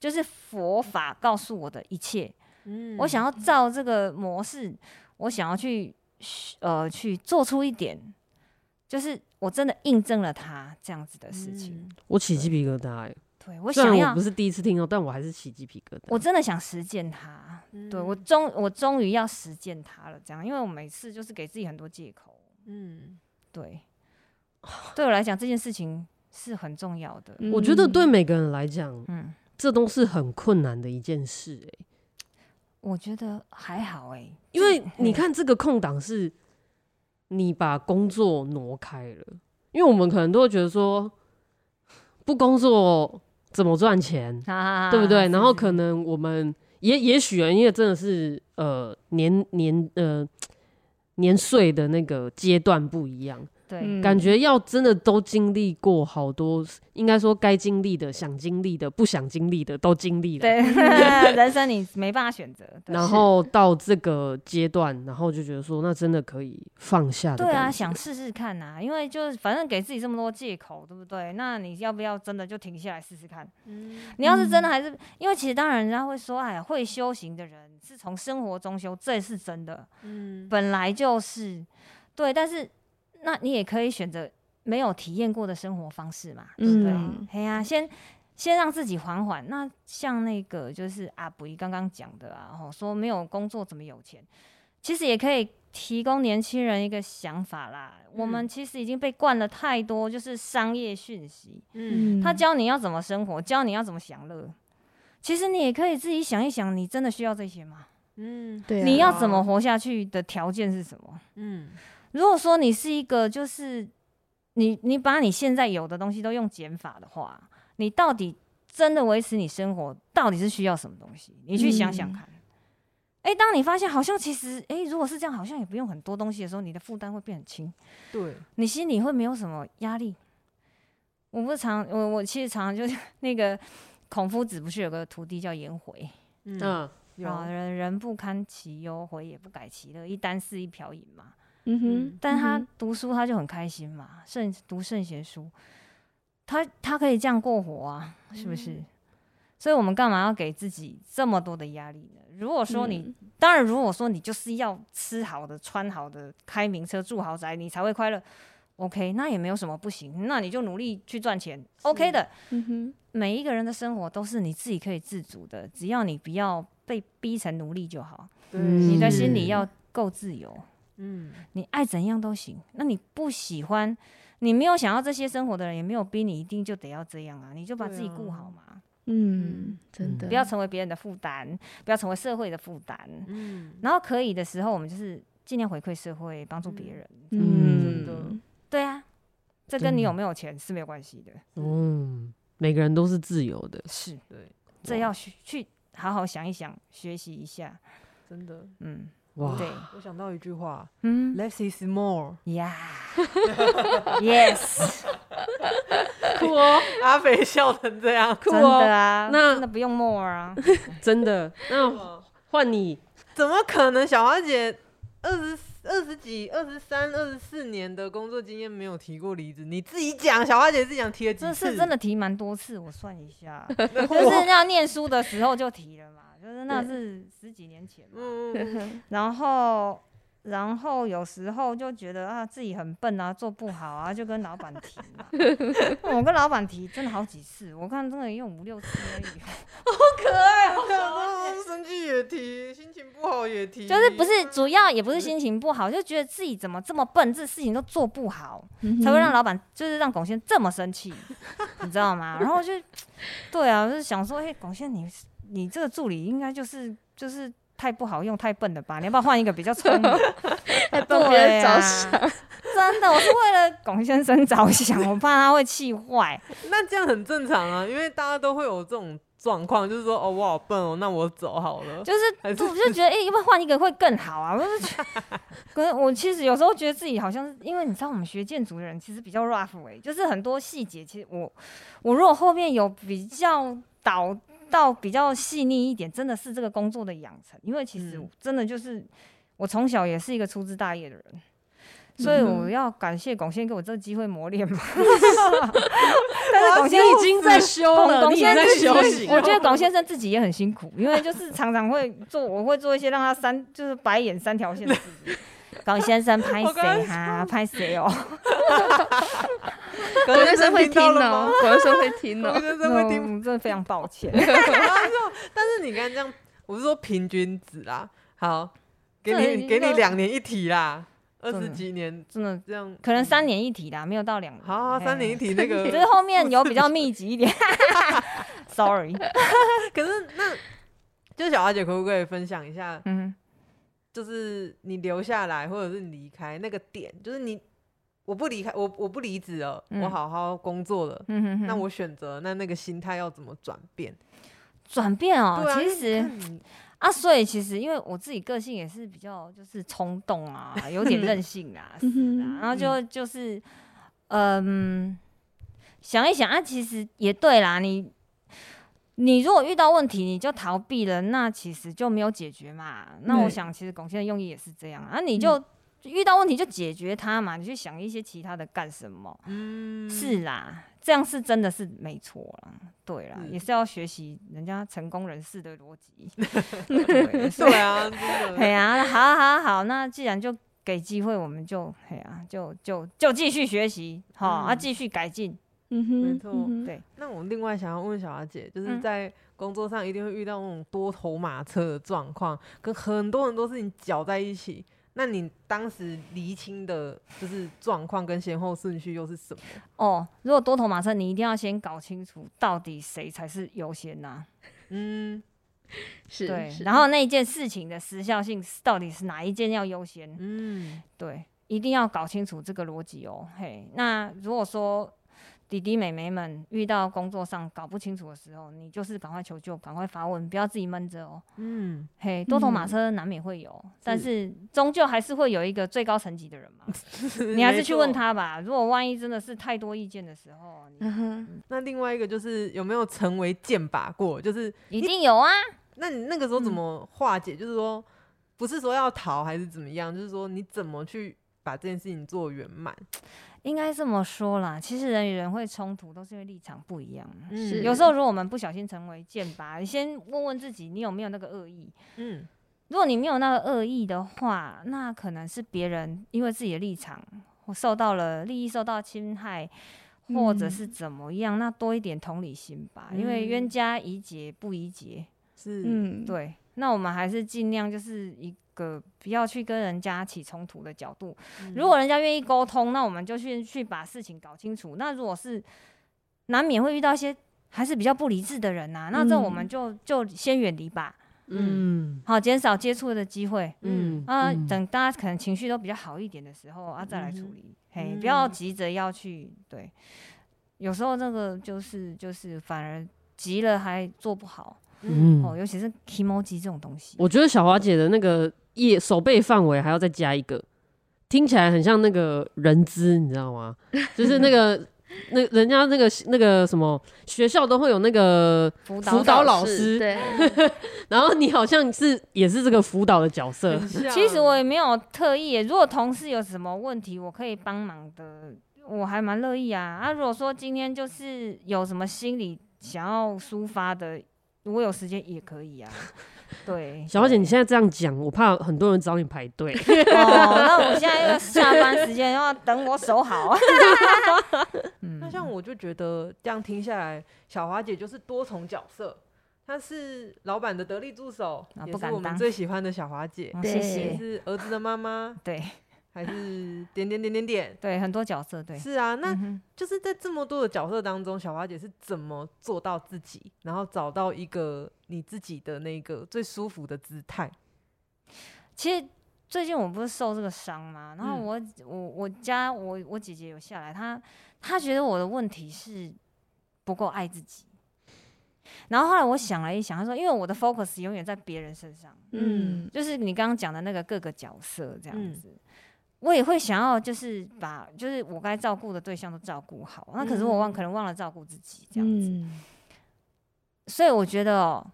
就是佛法告訴我的一切。嗯，我想要照這個模式，我想要去呃去做出一點，就是我真的印證了他這樣子的事情。嗯、我起雞皮疙瘩、欸。對，我想，雖然我不是第一次聽到，但我還是起雞皮疙瘩。我真的想實踐它。嗯，對我終，我終於要實踐它了。這樣，因為我每次就是給自己很多借口。嗯，對，對我來講 這件事情是很重要的。我覺得對每個人來講，嗯，這都是很困難的一件事，欸。哎，我覺得還好，欸。哎，因為你看這個空檔是， 你把工作挪開了，因為我們可能都會覺得說，不工作怎麼賺錢，哈哈哈哈對不對？是不是，然後可能我們也也許啊，因為真的是呃年、年呃年歲的那個階段不一樣。對，感覺要真的都經歷過好多應該該，應該說該經歷的、想經歷的、不想經歷的都經歷了。對， 人生你沒辦法選擇。然後到這個階段，然後就覺得說，那真的可以放下。對啊，想試試看吶、啊，因為就是反正給自己這麼多借口，對不對？那你要不要真的就停下來試試看？嗯，你要是真的還是、嗯、因為其實當然人家會說，哎，會修行的人是從生活中修，這也是真的。嗯，本來就是，對，但是。那你也可以選擇沒有體驗過的生活方式嘛，嗯、對不對？嗯、嘿呀、啊，先先讓自己緩緩。那像那個就是阿布剛剛講的啊，齁，說沒有工作怎麼有錢？其實也可以提供年輕人一個想法啦。嗯、我們其實已經被灌了太多就是商業訊息，嗯，他教你要怎麼生活，教你要怎麼享樂。其實你也可以自己想一想，你真的需要這些嗎？嗯，對。你要怎麼活下去的條件是什麼？嗯，嗯。如果說你是一個，就是你你把你現在有的東西都用減法的話，你到底真的維持你生活到底是需要什麼東西？你去想想看。哎、嗯欸，當你發現好像其實哎、欸，如果是這樣，好像也不用很多東西的時候，你的負擔會變很輕。對，你心裡會沒有什麼壓力。我不是常我我其實常,常就是那個孔夫子不是有個徒弟叫顏回？嗯，啊、嗯，人人不堪其憂，回也不改其樂，一箪食，一瓢飲嘛。嗯、但他讀書他就很開心嘛，聖、嗯、讀聖賢書，他他可以這樣過活啊，是不是？嗯、所以我們幹嘛要給自己這麼多的壓力呢？如果說你、嗯，當然如果說你就是要吃好的、穿好的、開名車、住豪宅，你才會快樂，OK，那也沒有什麼不行，那你就努力去賺錢，OK 的、嗯。每一個人的生活都是你自己可以自主的，只要你不要被逼成奴隸就好。嗯，你的心裡要夠自由。嗯，你愛怎樣都行。那你不喜歡，你沒有想要這些生活的人，也沒有逼你一定就得要這樣啊。你就把自己顧好嘛。對啊。嗯。嗯，真的，不要成為別人的負擔，不要成為社會的負擔。嗯，然後可以的時候，我們就是盡量回饋社會，幫助別人。嗯，嗯，對啊，這跟你有沒有錢是沒有關係的。真的，嗯。嗯，每個人都是自由的。是對，這要去，去好好想一想，學習一下。真的，嗯。哇對！我想到一句話，嗯，Less is more。Yeah. Yes. 酷哦，阿肥笑成這樣，真的啊，cool，那，那不用 more 啊，真的。 那換你，怎麼可能？小花姐二十二十幾、二十三、二十四年的工作經驗沒有提過離職，你自己講，小花姐自己講，提了幾次？這是真的提蠻多次，我算一下， 就是那唸書的時候就提了嘛。 就是那是十幾年前，嗯，然後然後有時候就覺得啊自己很笨啊，做不好啊，就跟老闆提。我跟老闆提真的好幾次，我看真的用五六次而已。 好可愛啊！生氣也提，心情不好也提。就是不是主要也不是心情不好，就覺得自己怎麼這麼笨，這事情都做不好，才會讓老闆就是讓鞏先生這麼生氣，你知道嗎？然後就對啊，就是想說，嘿，鞏先生你。你這個助理應該就是就是太不好用太笨了吧？你要不要換一個比較聰明，為別人着想？真的，我是為了鞏先生着想， 我怕他會氣壞。 那這樣很正常啊，因為大家都會有這種狀況，就是說哦，我好笨哦，那我走好了。就是，是我就覺得哎，欸、要不要換一個會更好啊。我就覺得， 可是我其實有時候覺得自己好像是因為你知道我們學建築的人其實比較 rough 哎，就是很多細節其實我我如果後面有比較倒。到比較細膩一點，真的是這個工作的養成，因為其實真的就是、嗯、我從小也是一個粗枝大葉的人的，所以我要感謝廣先生給我這個機會磨練嘛。 但是廣先生已經在修了，廣先生在休息，在休息，我覺得廣先生自己也很辛苦， 因為就是常常會做，我會做一些讓他三就是白眼三條線的事情。廣 先生拍謝 哈拍謝哦。 可能是會聽哦、喔，可能是會聽哦，我真的會聽、喔可可可會聽，真的非常抱歉 哈哈笑但是你看這樣，我是說平均值啦，好，給你給你兩年一題啦，二十幾年真的這樣，可能三年一題啦，沒有到兩年、嗯。好、啊啊，啊、三年一題那個、嗯，這、嗯就是、後面有比較密集一點。哈哈哈 Sorry， 可是那，就是小華姐可不可以分享一下？嗯，就是你留下來或者是你離開那個點，就是你。我不離開，我我不離職了、嗯。我好好工作了。嗯哼哼。那我選擇，那那個心態要怎麼轉變？轉變哦、喔啊，其實啊，所以其實因為我自己個性也是比較就是衝動啊、嗯，有點任性啊， 是啊然後就就是嗯，嗯，想一想啊，其實也對啦。你你如果遇到問題你就逃避了，那其實就沒有解決嘛。嗯、那我想其實龔先生用意也是這樣、嗯、啊，你就。嗯遇到問題就解決它嘛，你去想一些其他的幹什麼？嗯，是啦，這樣是真的是沒錯啦，對啦，是也是要學習人家成功人士的邏輯。 對、啊 啊。對啊， 對，啊 對啊，好好好，那既然就給機會，我們就，對啊，就就就繼續學習，好、嗯、啊，繼續改進。嗯哼，沒錯、嗯。對，那我另外想要問小華姐，就是在工作上一定會遇到那種多頭馬車的狀況、嗯，跟很多很多事情攪在一起。那你當時釐清的就是狀況跟先後順序又是什麼？哦，如果多頭馬車，你一定要先搞清楚到底誰才是優先呢？啊、嗯，是，對是。然後那一件事情的時效性，到底是哪一件要優先？嗯，對，一定要搞清楚這個邏輯哦。嘿、hey，那如果說。弟弟妹妹們遇到工作上搞不清楚的時候，你就是趕快求救，趕快發問，不要自己悶着哦。嗯，嘿、hey，多頭馬車難免會有，嗯、但是終究還是會有一個最高層級的人嘛。 你還是去問他吧。如果萬一真的是太多意見的時候，嗯嗯、那另外一個就是有沒有成為箭靶過？就是一定有啊。那你那個時候怎麼化解？嗯、就是說，不是說要逃還是怎麼樣？就是說，你怎麼去把這件事情做圓滿？應該這麼說啦，其實人與人會衝突，都是因為立場不一樣。嗯，有時候如果我們不小心成為箭靶，你先問問自己，你有沒有那個惡意？嗯，如果你沒有那個惡意的話，那可能是別人因為自己的立場或受到了利益受到侵害，或者是怎麼樣，嗯、那多一點同理心吧，因為冤家宜解不宜結。是，嗯，對，那我們還是盡量就是一。個不要去跟人家起衝突的角度，嗯，如果人家願意溝通，那我們就去去把事情搞清楚。那如果是難免會遇到一些還是比較不理智的人吶，啊，那這我們就就先遠離吧。嗯，嗯，好，減少接觸的機會。嗯，嗯啊，等大家可能情緒都比較好一點的時候啊，再來處理。嗯、嘿，不要急着要去，對，有時候這個就是就是反而急了還做不好。嗯哦，尤其是 kimoji 這種東西，我覺得小華姐的那個。也守備範圍還要再加一個，聽起來很像那個人資，你知道嗎？就是那個那個人家那個那個什麼學校都會有那個輔導老師，然後你好像是也是這個輔導的角色。其實我也沒有特意、欸，如果同事有什麼問題，我可以幫忙的，我還蠻樂意啊。啊，如果說今天就是有什麼心理想要抒發的，我有時間也可以啊。對，小華姐你現在這樣講，我怕很多人找你排隊。 哦，那我們現在要下班時間又要等我守好。 那像我就覺得這樣聽下來，小華姐就是多重角色，她是老闆的得力助手、啊，也是我們最喜歡的小華姐。謝謝，也是兒子的媽媽。對。對還是點點點點點，對，很多角色，對，是啊，那就是在這麼多的角色當中，嗯、曉華姐是怎麼做到自己，然後找到一個你自己的那個最舒服的姿態？其實最近我不是受這個傷嗎？然後我、嗯、我我家我我姐姐有下來，她她覺得我的問題是不夠愛自己。然後後來我想了一想，她說，因為我的 focus 永遠在別人身上，嗯，嗯就是你剛剛講的那個各個角色這樣子。嗯我也會想要，就是把就是我該照顧的對象都照顧好，嗯，那可是我忘，可能忘了照顧自己這樣子。嗯、所以我覺得、哦，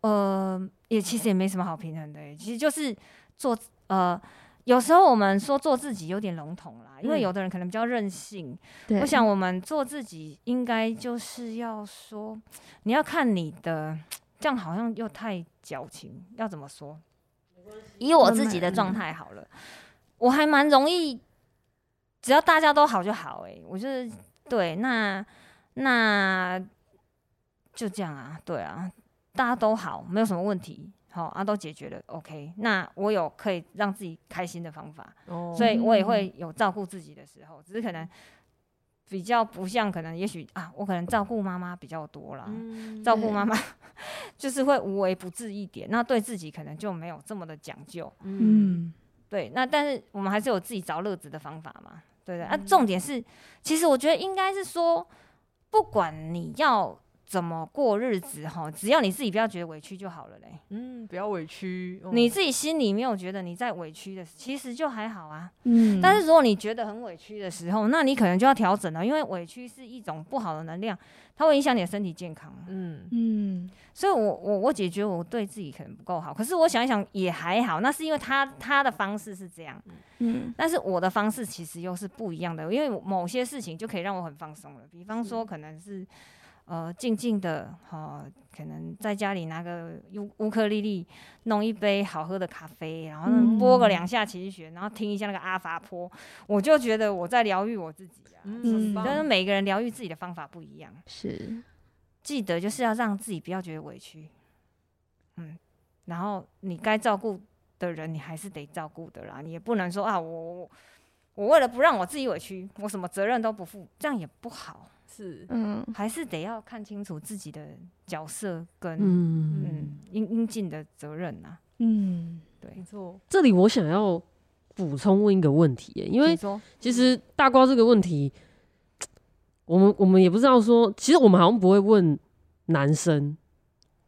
呃，也其實也沒什麼好平衡的，其實就是做呃，有時候我們說做自己有點籠統啦，嗯、因為有的人可能比較任性。對，我想我們做自己，應該就是要說，你要看你的，這樣好像又太矯情，要怎麼說？以我自己的狀態好了。嗯 我還蠻容易，只要大家都好就好、欸。哎，我就是對那那就這樣啊，對啊，大家都好，沒有什麼問題，好、哦、啊都解決了。OK，那我有可以讓自己開心的方法，哦、所以，我也會有照顧自己的時候，嗯、只是可能比較不像，可能也許啊，我可能照顧媽媽比較多了、嗯，照顧媽媽 就是會無微不至一點，那對自己可能就沒有這麼的講究。嗯。嗯對，那但是我們還是有自己找樂子的方法嘛，對的對？那、嗯啊、重點是，其實我覺得應該是說，不管你要怎麼過日子，只要你自己不要覺得委屈就好了嘞。嗯，不要委屈、嗯，你自己心裡沒有覺得你在委屈的，其實就還好啊。嗯。但是如果你覺得很委屈的時候，那你可能就要調整了，因為委屈是一種不好的能量。它會影響你的身體健康、啊。嗯嗯，所以我，我我我，覺得我對自己可能不夠好。可是我想一想，也還好。那是因為他他的方式是這樣，嗯，但是我的方式其實又是不一樣的。因為某些事情就可以讓我很放鬆了，比方說，可能是。呃，靜靜的哈，呃，可能在家裡拿個烏烏克麗麗，弄一杯好喝的咖啡，然後撥個兩下其《奇、嗯、遇，然後聽一下那個阿法波，我就覺得我在療癒我自己啊。嗯，但是每個人療癒自己的方法不一樣。是，記得就是要讓自己不要覺得委屈。嗯，然後你該照顧的人，你還是得照顧的啦。你也不能說啊，我我我為了不讓我自己委屈，我什麼責任都不負，這樣也不好。是，嗯，還是得要看清楚自己的角色跟，嗯，嗯應應盡的責任吶、啊。嗯，對，沒錯。這裡我想要補充問一個問題，因為其實大瓜這個問題，嗯、我們我們也不知道說，其實我們好像不會問男生，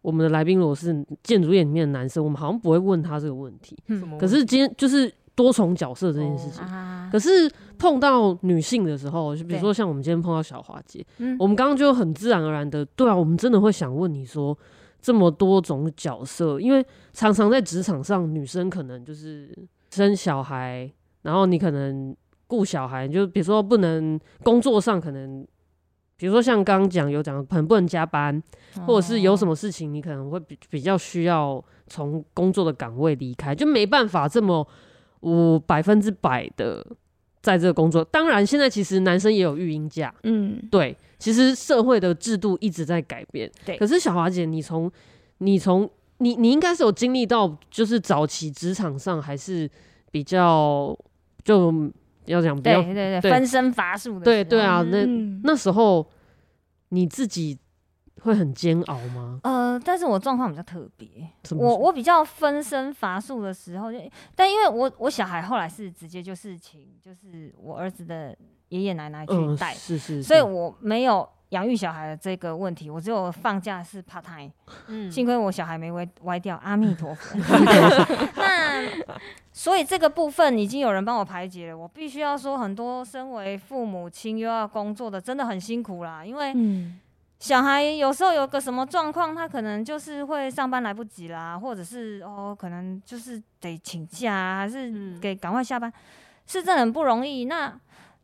我們的來賓如果是建築業裡面的男生，我們好像不會問他這個問題，嗯、可是今天就是。多重角色這件事情，可是碰到女性的時候，就比如說像我們今天碰到小華姐，我們剛剛就很自然而然的，對啊，我們真的會想問你說，這麼多種角色，因為常常在職場上，女生可能就是生小孩，然後你可能顧小孩，就比如說不能工作上可能，比如說像剛剛講有講很不能加班，或者是有什麼事情你可能會比比較需要從工作的崗位離開，就沒辦法這麼。我百分之百的在這個工作，當然現在其實男生也有育嬰假，嗯，對，其實社會的制度一直在改變，對。可是小華姐你，你從你從你你應該是有經歷到，就是早期職場上還是比較就要講不要，對對對，對分身乏術的，對對啊，那、嗯、那時候你自己。會很煎熬嗎？呃，但是我狀況比較特別，我我比較分身乏術的時候就，但因為我我小孩後來是直接就是請，就是我兒子的爺爺奶奶去帶，嗯，是是是，所以我沒有養育小孩的這個問題，我只有放假是 part time，嗯，幸虧我小孩沒歪歪掉，阿彌陀佛。 那所以這個部分已經有人幫我排解了，我必須要說，很多身為父母親又要工作的，真的很辛苦啦，因為。嗯小孩有時候有個什麼狀況，他可能就是會上班來不及啦，或者是哦，可能就是得請假、啊，還是給趕快下班，嗯、是真的很不容易。那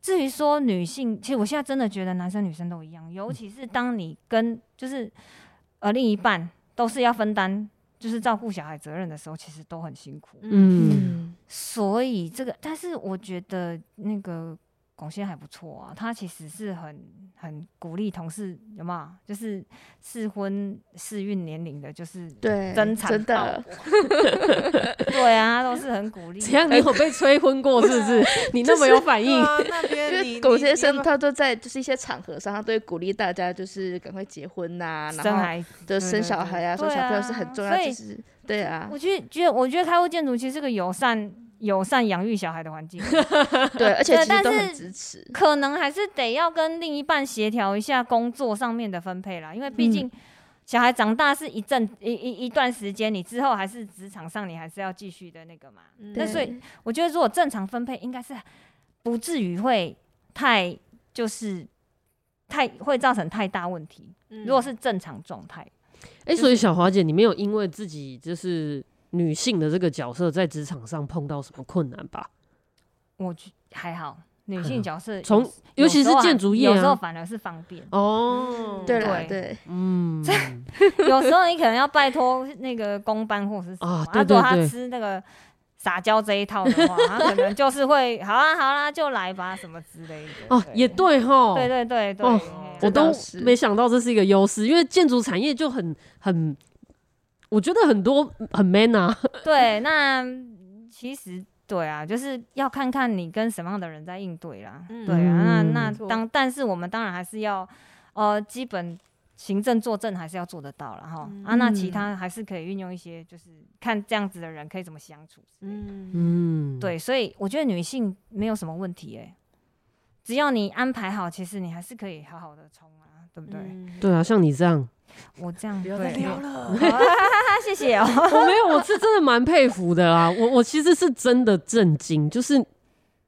至於說女性，其實我現在真的覺得男生女生都一樣，尤其是當你跟就是呃另一半都是要分擔，就是照顧小孩責任的時候，其實都很辛苦。嗯， 所以這個，但是我覺得那個。龔先生還不錯啊，他其實是很很鼓勵同事有沒有？就是適婚適孕年齡的，就是對真，真的， 對啊，都是很鼓勵。只要你有被催婚過，是不是？ 你那麼有反應？就是啊、那邊，龔 先生他都在就是一些場合上，他都會鼓勵大家就是趕快結婚吶、啊，然後就生小孩啊，生、啊、小朋友是很重要的、就是，的事。對啊。我覺得，我覺得開務建築其實是個友善。友善養育小孩的環境， 對，而且其實都很支持。可能還是得要跟另一半協調一下工作上面的分配啦，因為畢竟小孩長大是一陣、嗯、一一一段時間，你之後還是職場上你還是要繼續的那個嘛。嗯、那所以我覺得如果正常分配，應該是不至於會太就是太會造成太大問題。嗯、如果是正常狀態，哎、欸就是，所以小華姐，你沒有因為自己就是。女性的這個角色在職場上碰到什麼困難吧？我覺得還好，女性角色從尤其是建築業、啊、有，時有時候反而是方便哦。對對、啊、對，嗯這，有時候你可能要拜託那個工班或者是啊、哦，他如果他吃那個撒嬌這一套的話，他可能就是會 好啊好啦、啊、就來吧什麼之類的。哦，也對齁，對對對對，對、哦啊，我都是沒想到這是一個優勢，因為建築產業就很很。我覺得很多很 man 啊，對，那其實對啊，就是要看看你跟什麼樣的人在應對啦，嗯、對啊，那那當但是我們當然還是要，呃，基本行政作證還是要做得到了哈、嗯，啊，那其他還是可以運用一些，就是看這樣子的人可以怎麼相處之類的，嗯嗯，對，所以我覺得女性沒有什麼問題哎、欸，只要你安排好，其實你還是可以好好的衝啊，對不對、嗯？對啊，像你這樣。我這樣不要再聊了，謝謝哦。 我沒有，我是真的蠻佩服的啦。 我我其實是真的震驚，就是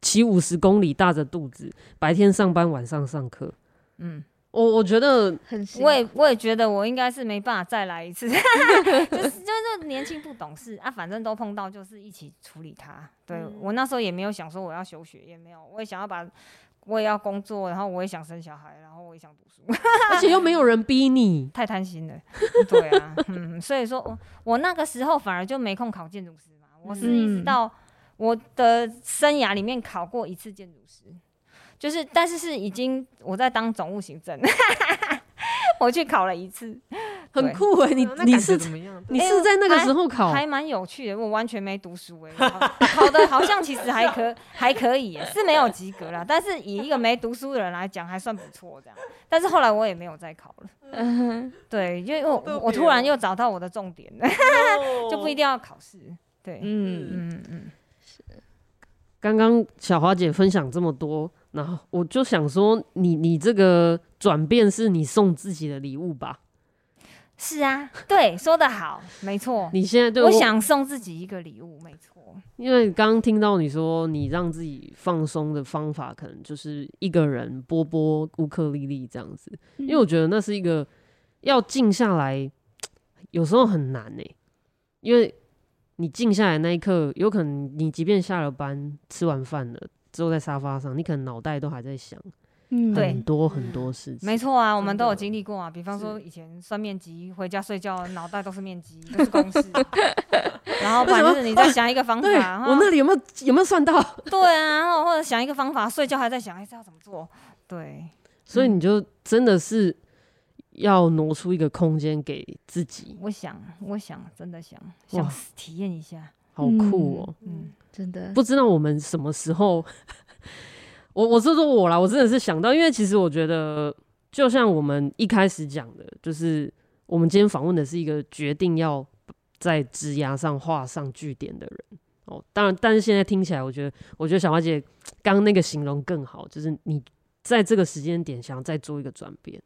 騎五十公里大着肚子，白天上班，晚上上課。嗯，我我覺得，很幸我也我也覺得，我應該是沒辦法再來一次。 就是就是年輕不懂事 啊，反正都碰到，就是一起處理它。對、嗯、我那時候也沒有想說我要休學，也沒有，我也想要把。我也要工作，然後我也想生小孩，然後我也想讀書，而且又沒有人逼你， 太貪心了。 對啊，嗯，所以說我，我我那個時候反而就沒空考建築師嘛。我是一直到我的生涯裡面考過一次建築師，嗯，就是但是是已經我在當總務行政， 我去考了一次。很酷誒、欸，你你是、嗯、怎麼樣？你是在那個時候考，欸、還蠻有趣的。我完全沒讀書哎、欸， 我考的好像其實還可 還可以、欸，是沒有及格啦。 但是以一個沒讀書的人來講，還算不錯這樣。但是後來我也沒有再考了。嗯嗯、對，因為我、喔、我突然又找到我的重點了，哦、 就不一定要考試。對，嗯嗯嗯，是。剛剛小華姐分享這麼多，然後我就想說你，你你這個轉變是你送自己的禮物吧？是啊，對，說得好，沒錯。 你現在對我想送自己一個禮物，沒錯。因為剛剛聽到你說，你讓自己放鬆的方法，可能就是一個人撥撥、烏克麗麗這樣子。因為我覺得那是一個要靜下來，有時候很難誒、欸。因為你靜下來那一刻，有可能你即便下了班，吃完飯了之後在沙發上，你可能腦袋都還在想。對、嗯，很多很多事情，沒錯啊，我們都有經歷過啊。比方說以前算面積，回家睡覺，腦袋都是面積， 都是公式、啊， 然後反正你再想一個方法。啊、我那裡有沒有有沒有算到？對啊，然後或者想一個方法，睡覺還在想，是、欸、要怎麼做？對，所以你就真的是要挪出一個空間給自己、嗯。我想，我想，真的想想體驗一下，好酷哦、喔嗯，嗯，真的不知道我們什麼時候。我我是說，說我啦，我真的是想到，因為其實我覺得，就像我們一開始講的，就是我們今天訪問的是一個決定要在職涯上畫上句點的人哦。當然，但是現在聽起來，我覺得，我覺得小華姐剛剛那個形容更好，就是你在這個時間點想要再做一個轉變。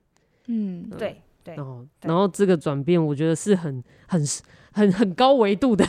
嗯，對。嗯對，然後，然後這個轉變，我覺得是很、很、很、很高維度的，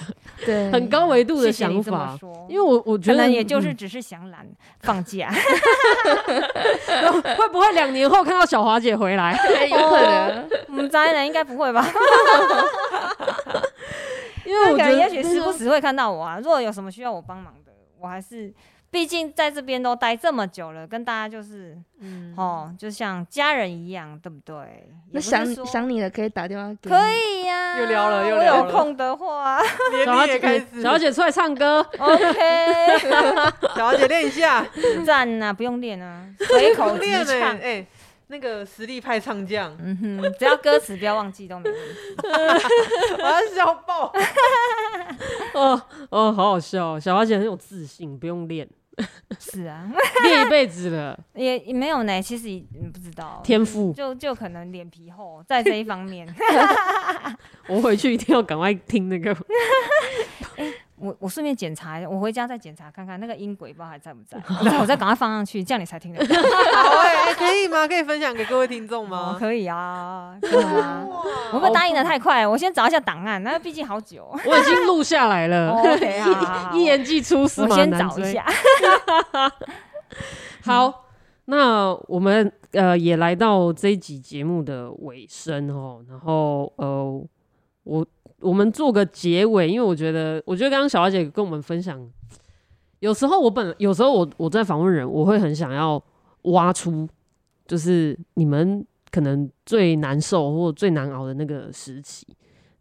對，很高維度的想法。謝謝，因為我我覺得，可能也就是只是想懶、嗯、放假。 會不會兩年後看到曉華姐回來、 欸？有可能，們宅男應該不會吧？ 因為我覺得也許時不時會看到我啊。如 果有什麼需要我幫忙的，我還是。畢竟在這邊都待這麼久了，跟大家就是，嗯，哦，就像家人一樣，對不對？那想想你了，可以打電話給你，可以呀、啊。又聊了，又聊了。我有空的話，小華姐開始。小華姐，姐出來唱歌，OK。 小華姐練一下，讚吶、啊，不用練啊，隨口即唱，哎、 欸，那個實力派唱將，嗯哼，只要歌詞不要忘記都沒問題。 我要笑爆。 哦哦，好好笑、哦，小華姐很有自信，不用練。 是啊，練一輩子了 也也沒有呢。其實不知道天賦，就就可能臉皮厚，在這一方面。 我回去一定要趕快聽那個。 我我順便檢查，我回家再檢查看看那個音軌，不知道還在不在，啊。哦， 我再趕快放上去，這樣你才聽得到 好、欸。欸可以嗎？可以分享給各位聽眾嗎，哦？可以啊，以嗎我不答應得太快，我先找一下檔案，那畢竟好久，哦。我已經錄下來了。 Okay 啊， 一,一言既出，駟馬難追。我先找一下。 好，嗯，那我們呃也來到這一集節目的尾聲哦，然後呃我。我們做個結尾，因為我覺得，我覺得剛剛小華姐跟我們分享，有時候我本有時候我我在訪問人，我會很想要挖出，就是你們可能最難受或最難熬的那個時期，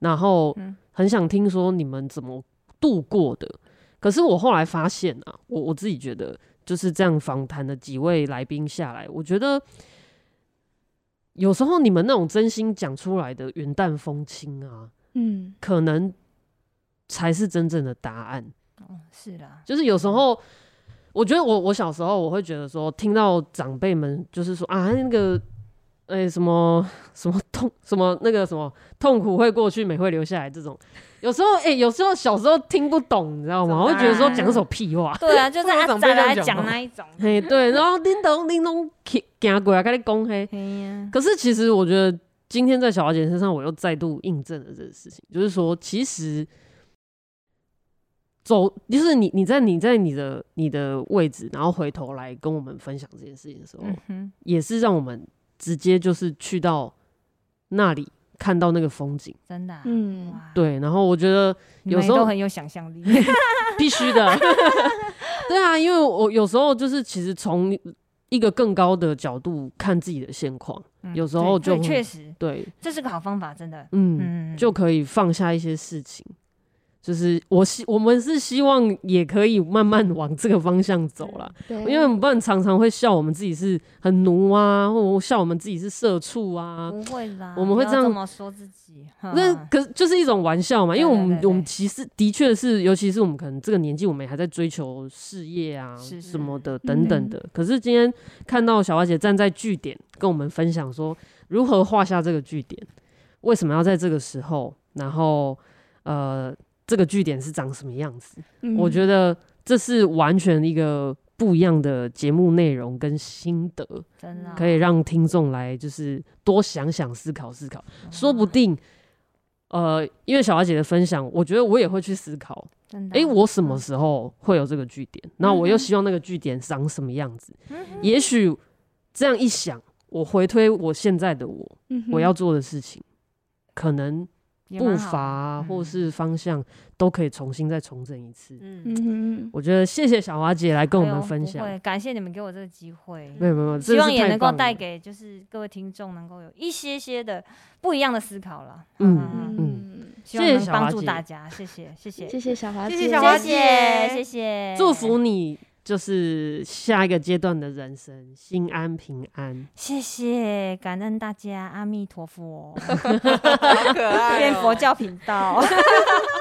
然後很想聽說你們怎麼度過的。嗯、可是我後來發現啊，我我自己覺得，就是這樣訪談的幾位來賓下來，我覺得有時候你們那種真心講出來的雲淡風輕啊。嗯，可能才是真正的答案，嗯。哦，是啦，就是有時候，我覺得我我小時候我會覺得說，聽到長輩們就是說啊，那個，哎，什麼什麼痛，什麼那個什麼痛苦會過去，美會留下來。這種有時候，哎，有時候小時候聽不懂，你知道嗎？我、嗯啊、會覺得說講一首屁話。對啊，就是他就在 長輩講那一種。 嘿，對，然後叮咚叮咚，嚇鬼啊！跟你講嘿、那個啊，可是其實我覺得。今天在小華姐身上，我又再度印證了這個事情，就是說，其實走就是你你在你在你的你的位置，然後回頭來跟我們分享這件事情的時候，也是讓我們直接就是去到那裡看到那個風景，真的，嗯，對。然後我覺得有時候你都很有想象力， 必須須的 對啊，因為我有時候就是其實從。一個更高的角度看自己的現況，嗯，有時候就確實對，這是個好方法，真的，嗯，嗯，就可以放下一些事情。就是我希我們是希望也可以慢慢往這個方向走啦，因為我們常常會笑我們自己是很奴啊，或者笑我們自己是社畜啊，不會啦，我們會這樣這麼說自己？那可就是一種玩笑嘛，對對對對，因為我們我們其實的確是，尤其是我們可能這個年紀，我們還在追求事業啊是是什麼的等等的。可是今天看到小華姐，站在句點跟我們分享說，如何畫下這個句點，為什麼要在這個時候，然後呃。這個句點是長什麼樣子？我覺得這是完全一個不一樣的節目內容跟心得，可以讓聽眾來就是多想想、思考思考。說不定，呃，因為小華姐的分享，我覺得我也會去思考。哎，我什麼時候會有這個句點？那我又希望那個句點長什麼樣子？也許這樣一想，我回推我現在的我，我要做的事情可能，步伐或是方向都可以重新再重整一次。嗯嗯嗯，我覺得，謝謝曉華姐來跟我們分享。感謝你們給我這個機會。沒有沒有，希望也能夠帶給就是各位聽眾能夠有一些些的不一樣的思考了。嗯嗯嗯，希望能幫助大家，謝謝曉華姐。謝謝謝謝謝謝謝謝曉華姐，謝謝，祝福你。就是下一個階段的人生，心安平安。謝謝，感恩大家，阿彌陀佛。 可愛、喔，佛教頻道。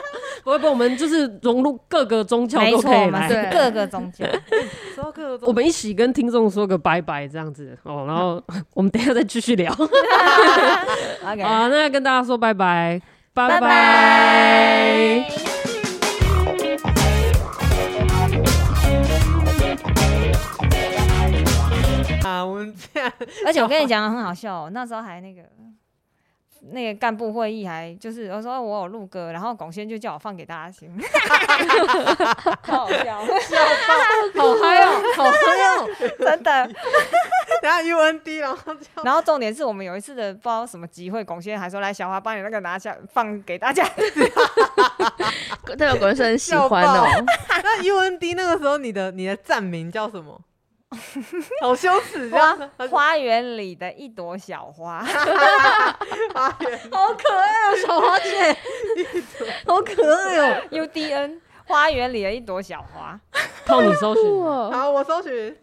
不會不會，我們就是融入各個宗教都可以來，沒錯嘛，各個, 各個宗教。我們一起跟聽眾說個拜拜，這樣子哦、喔。然後我們等一下再繼續聊。 okay. 好啊，那跟大家說拜拜，拜拜。Bye bye 而且我跟你講很好笑哦，那時候還那個那個幹部會議還就是有時候我有錄歌，然後龔先就叫我放給大家聽， 好笑，笑爆超棒， 好嗨 high 哦， 好嗨 high 哦， 真的， 一下 UND, 然後 U N D 然後，然後重點是我們有一次的不知道什麼機會，龔先還說來小華把你那個拿下放給大家，哈哈哈哈哈，那喜歡哦， 我爆 那 U N D 那個時候你的你的站名叫什麼？ 好羞恥啊，花園裡的一朵小花， 好可愛哦，小花姐， 好可愛哦 ，UDN 花園裡的一朵小花， 你搜尋， 好，我搜尋。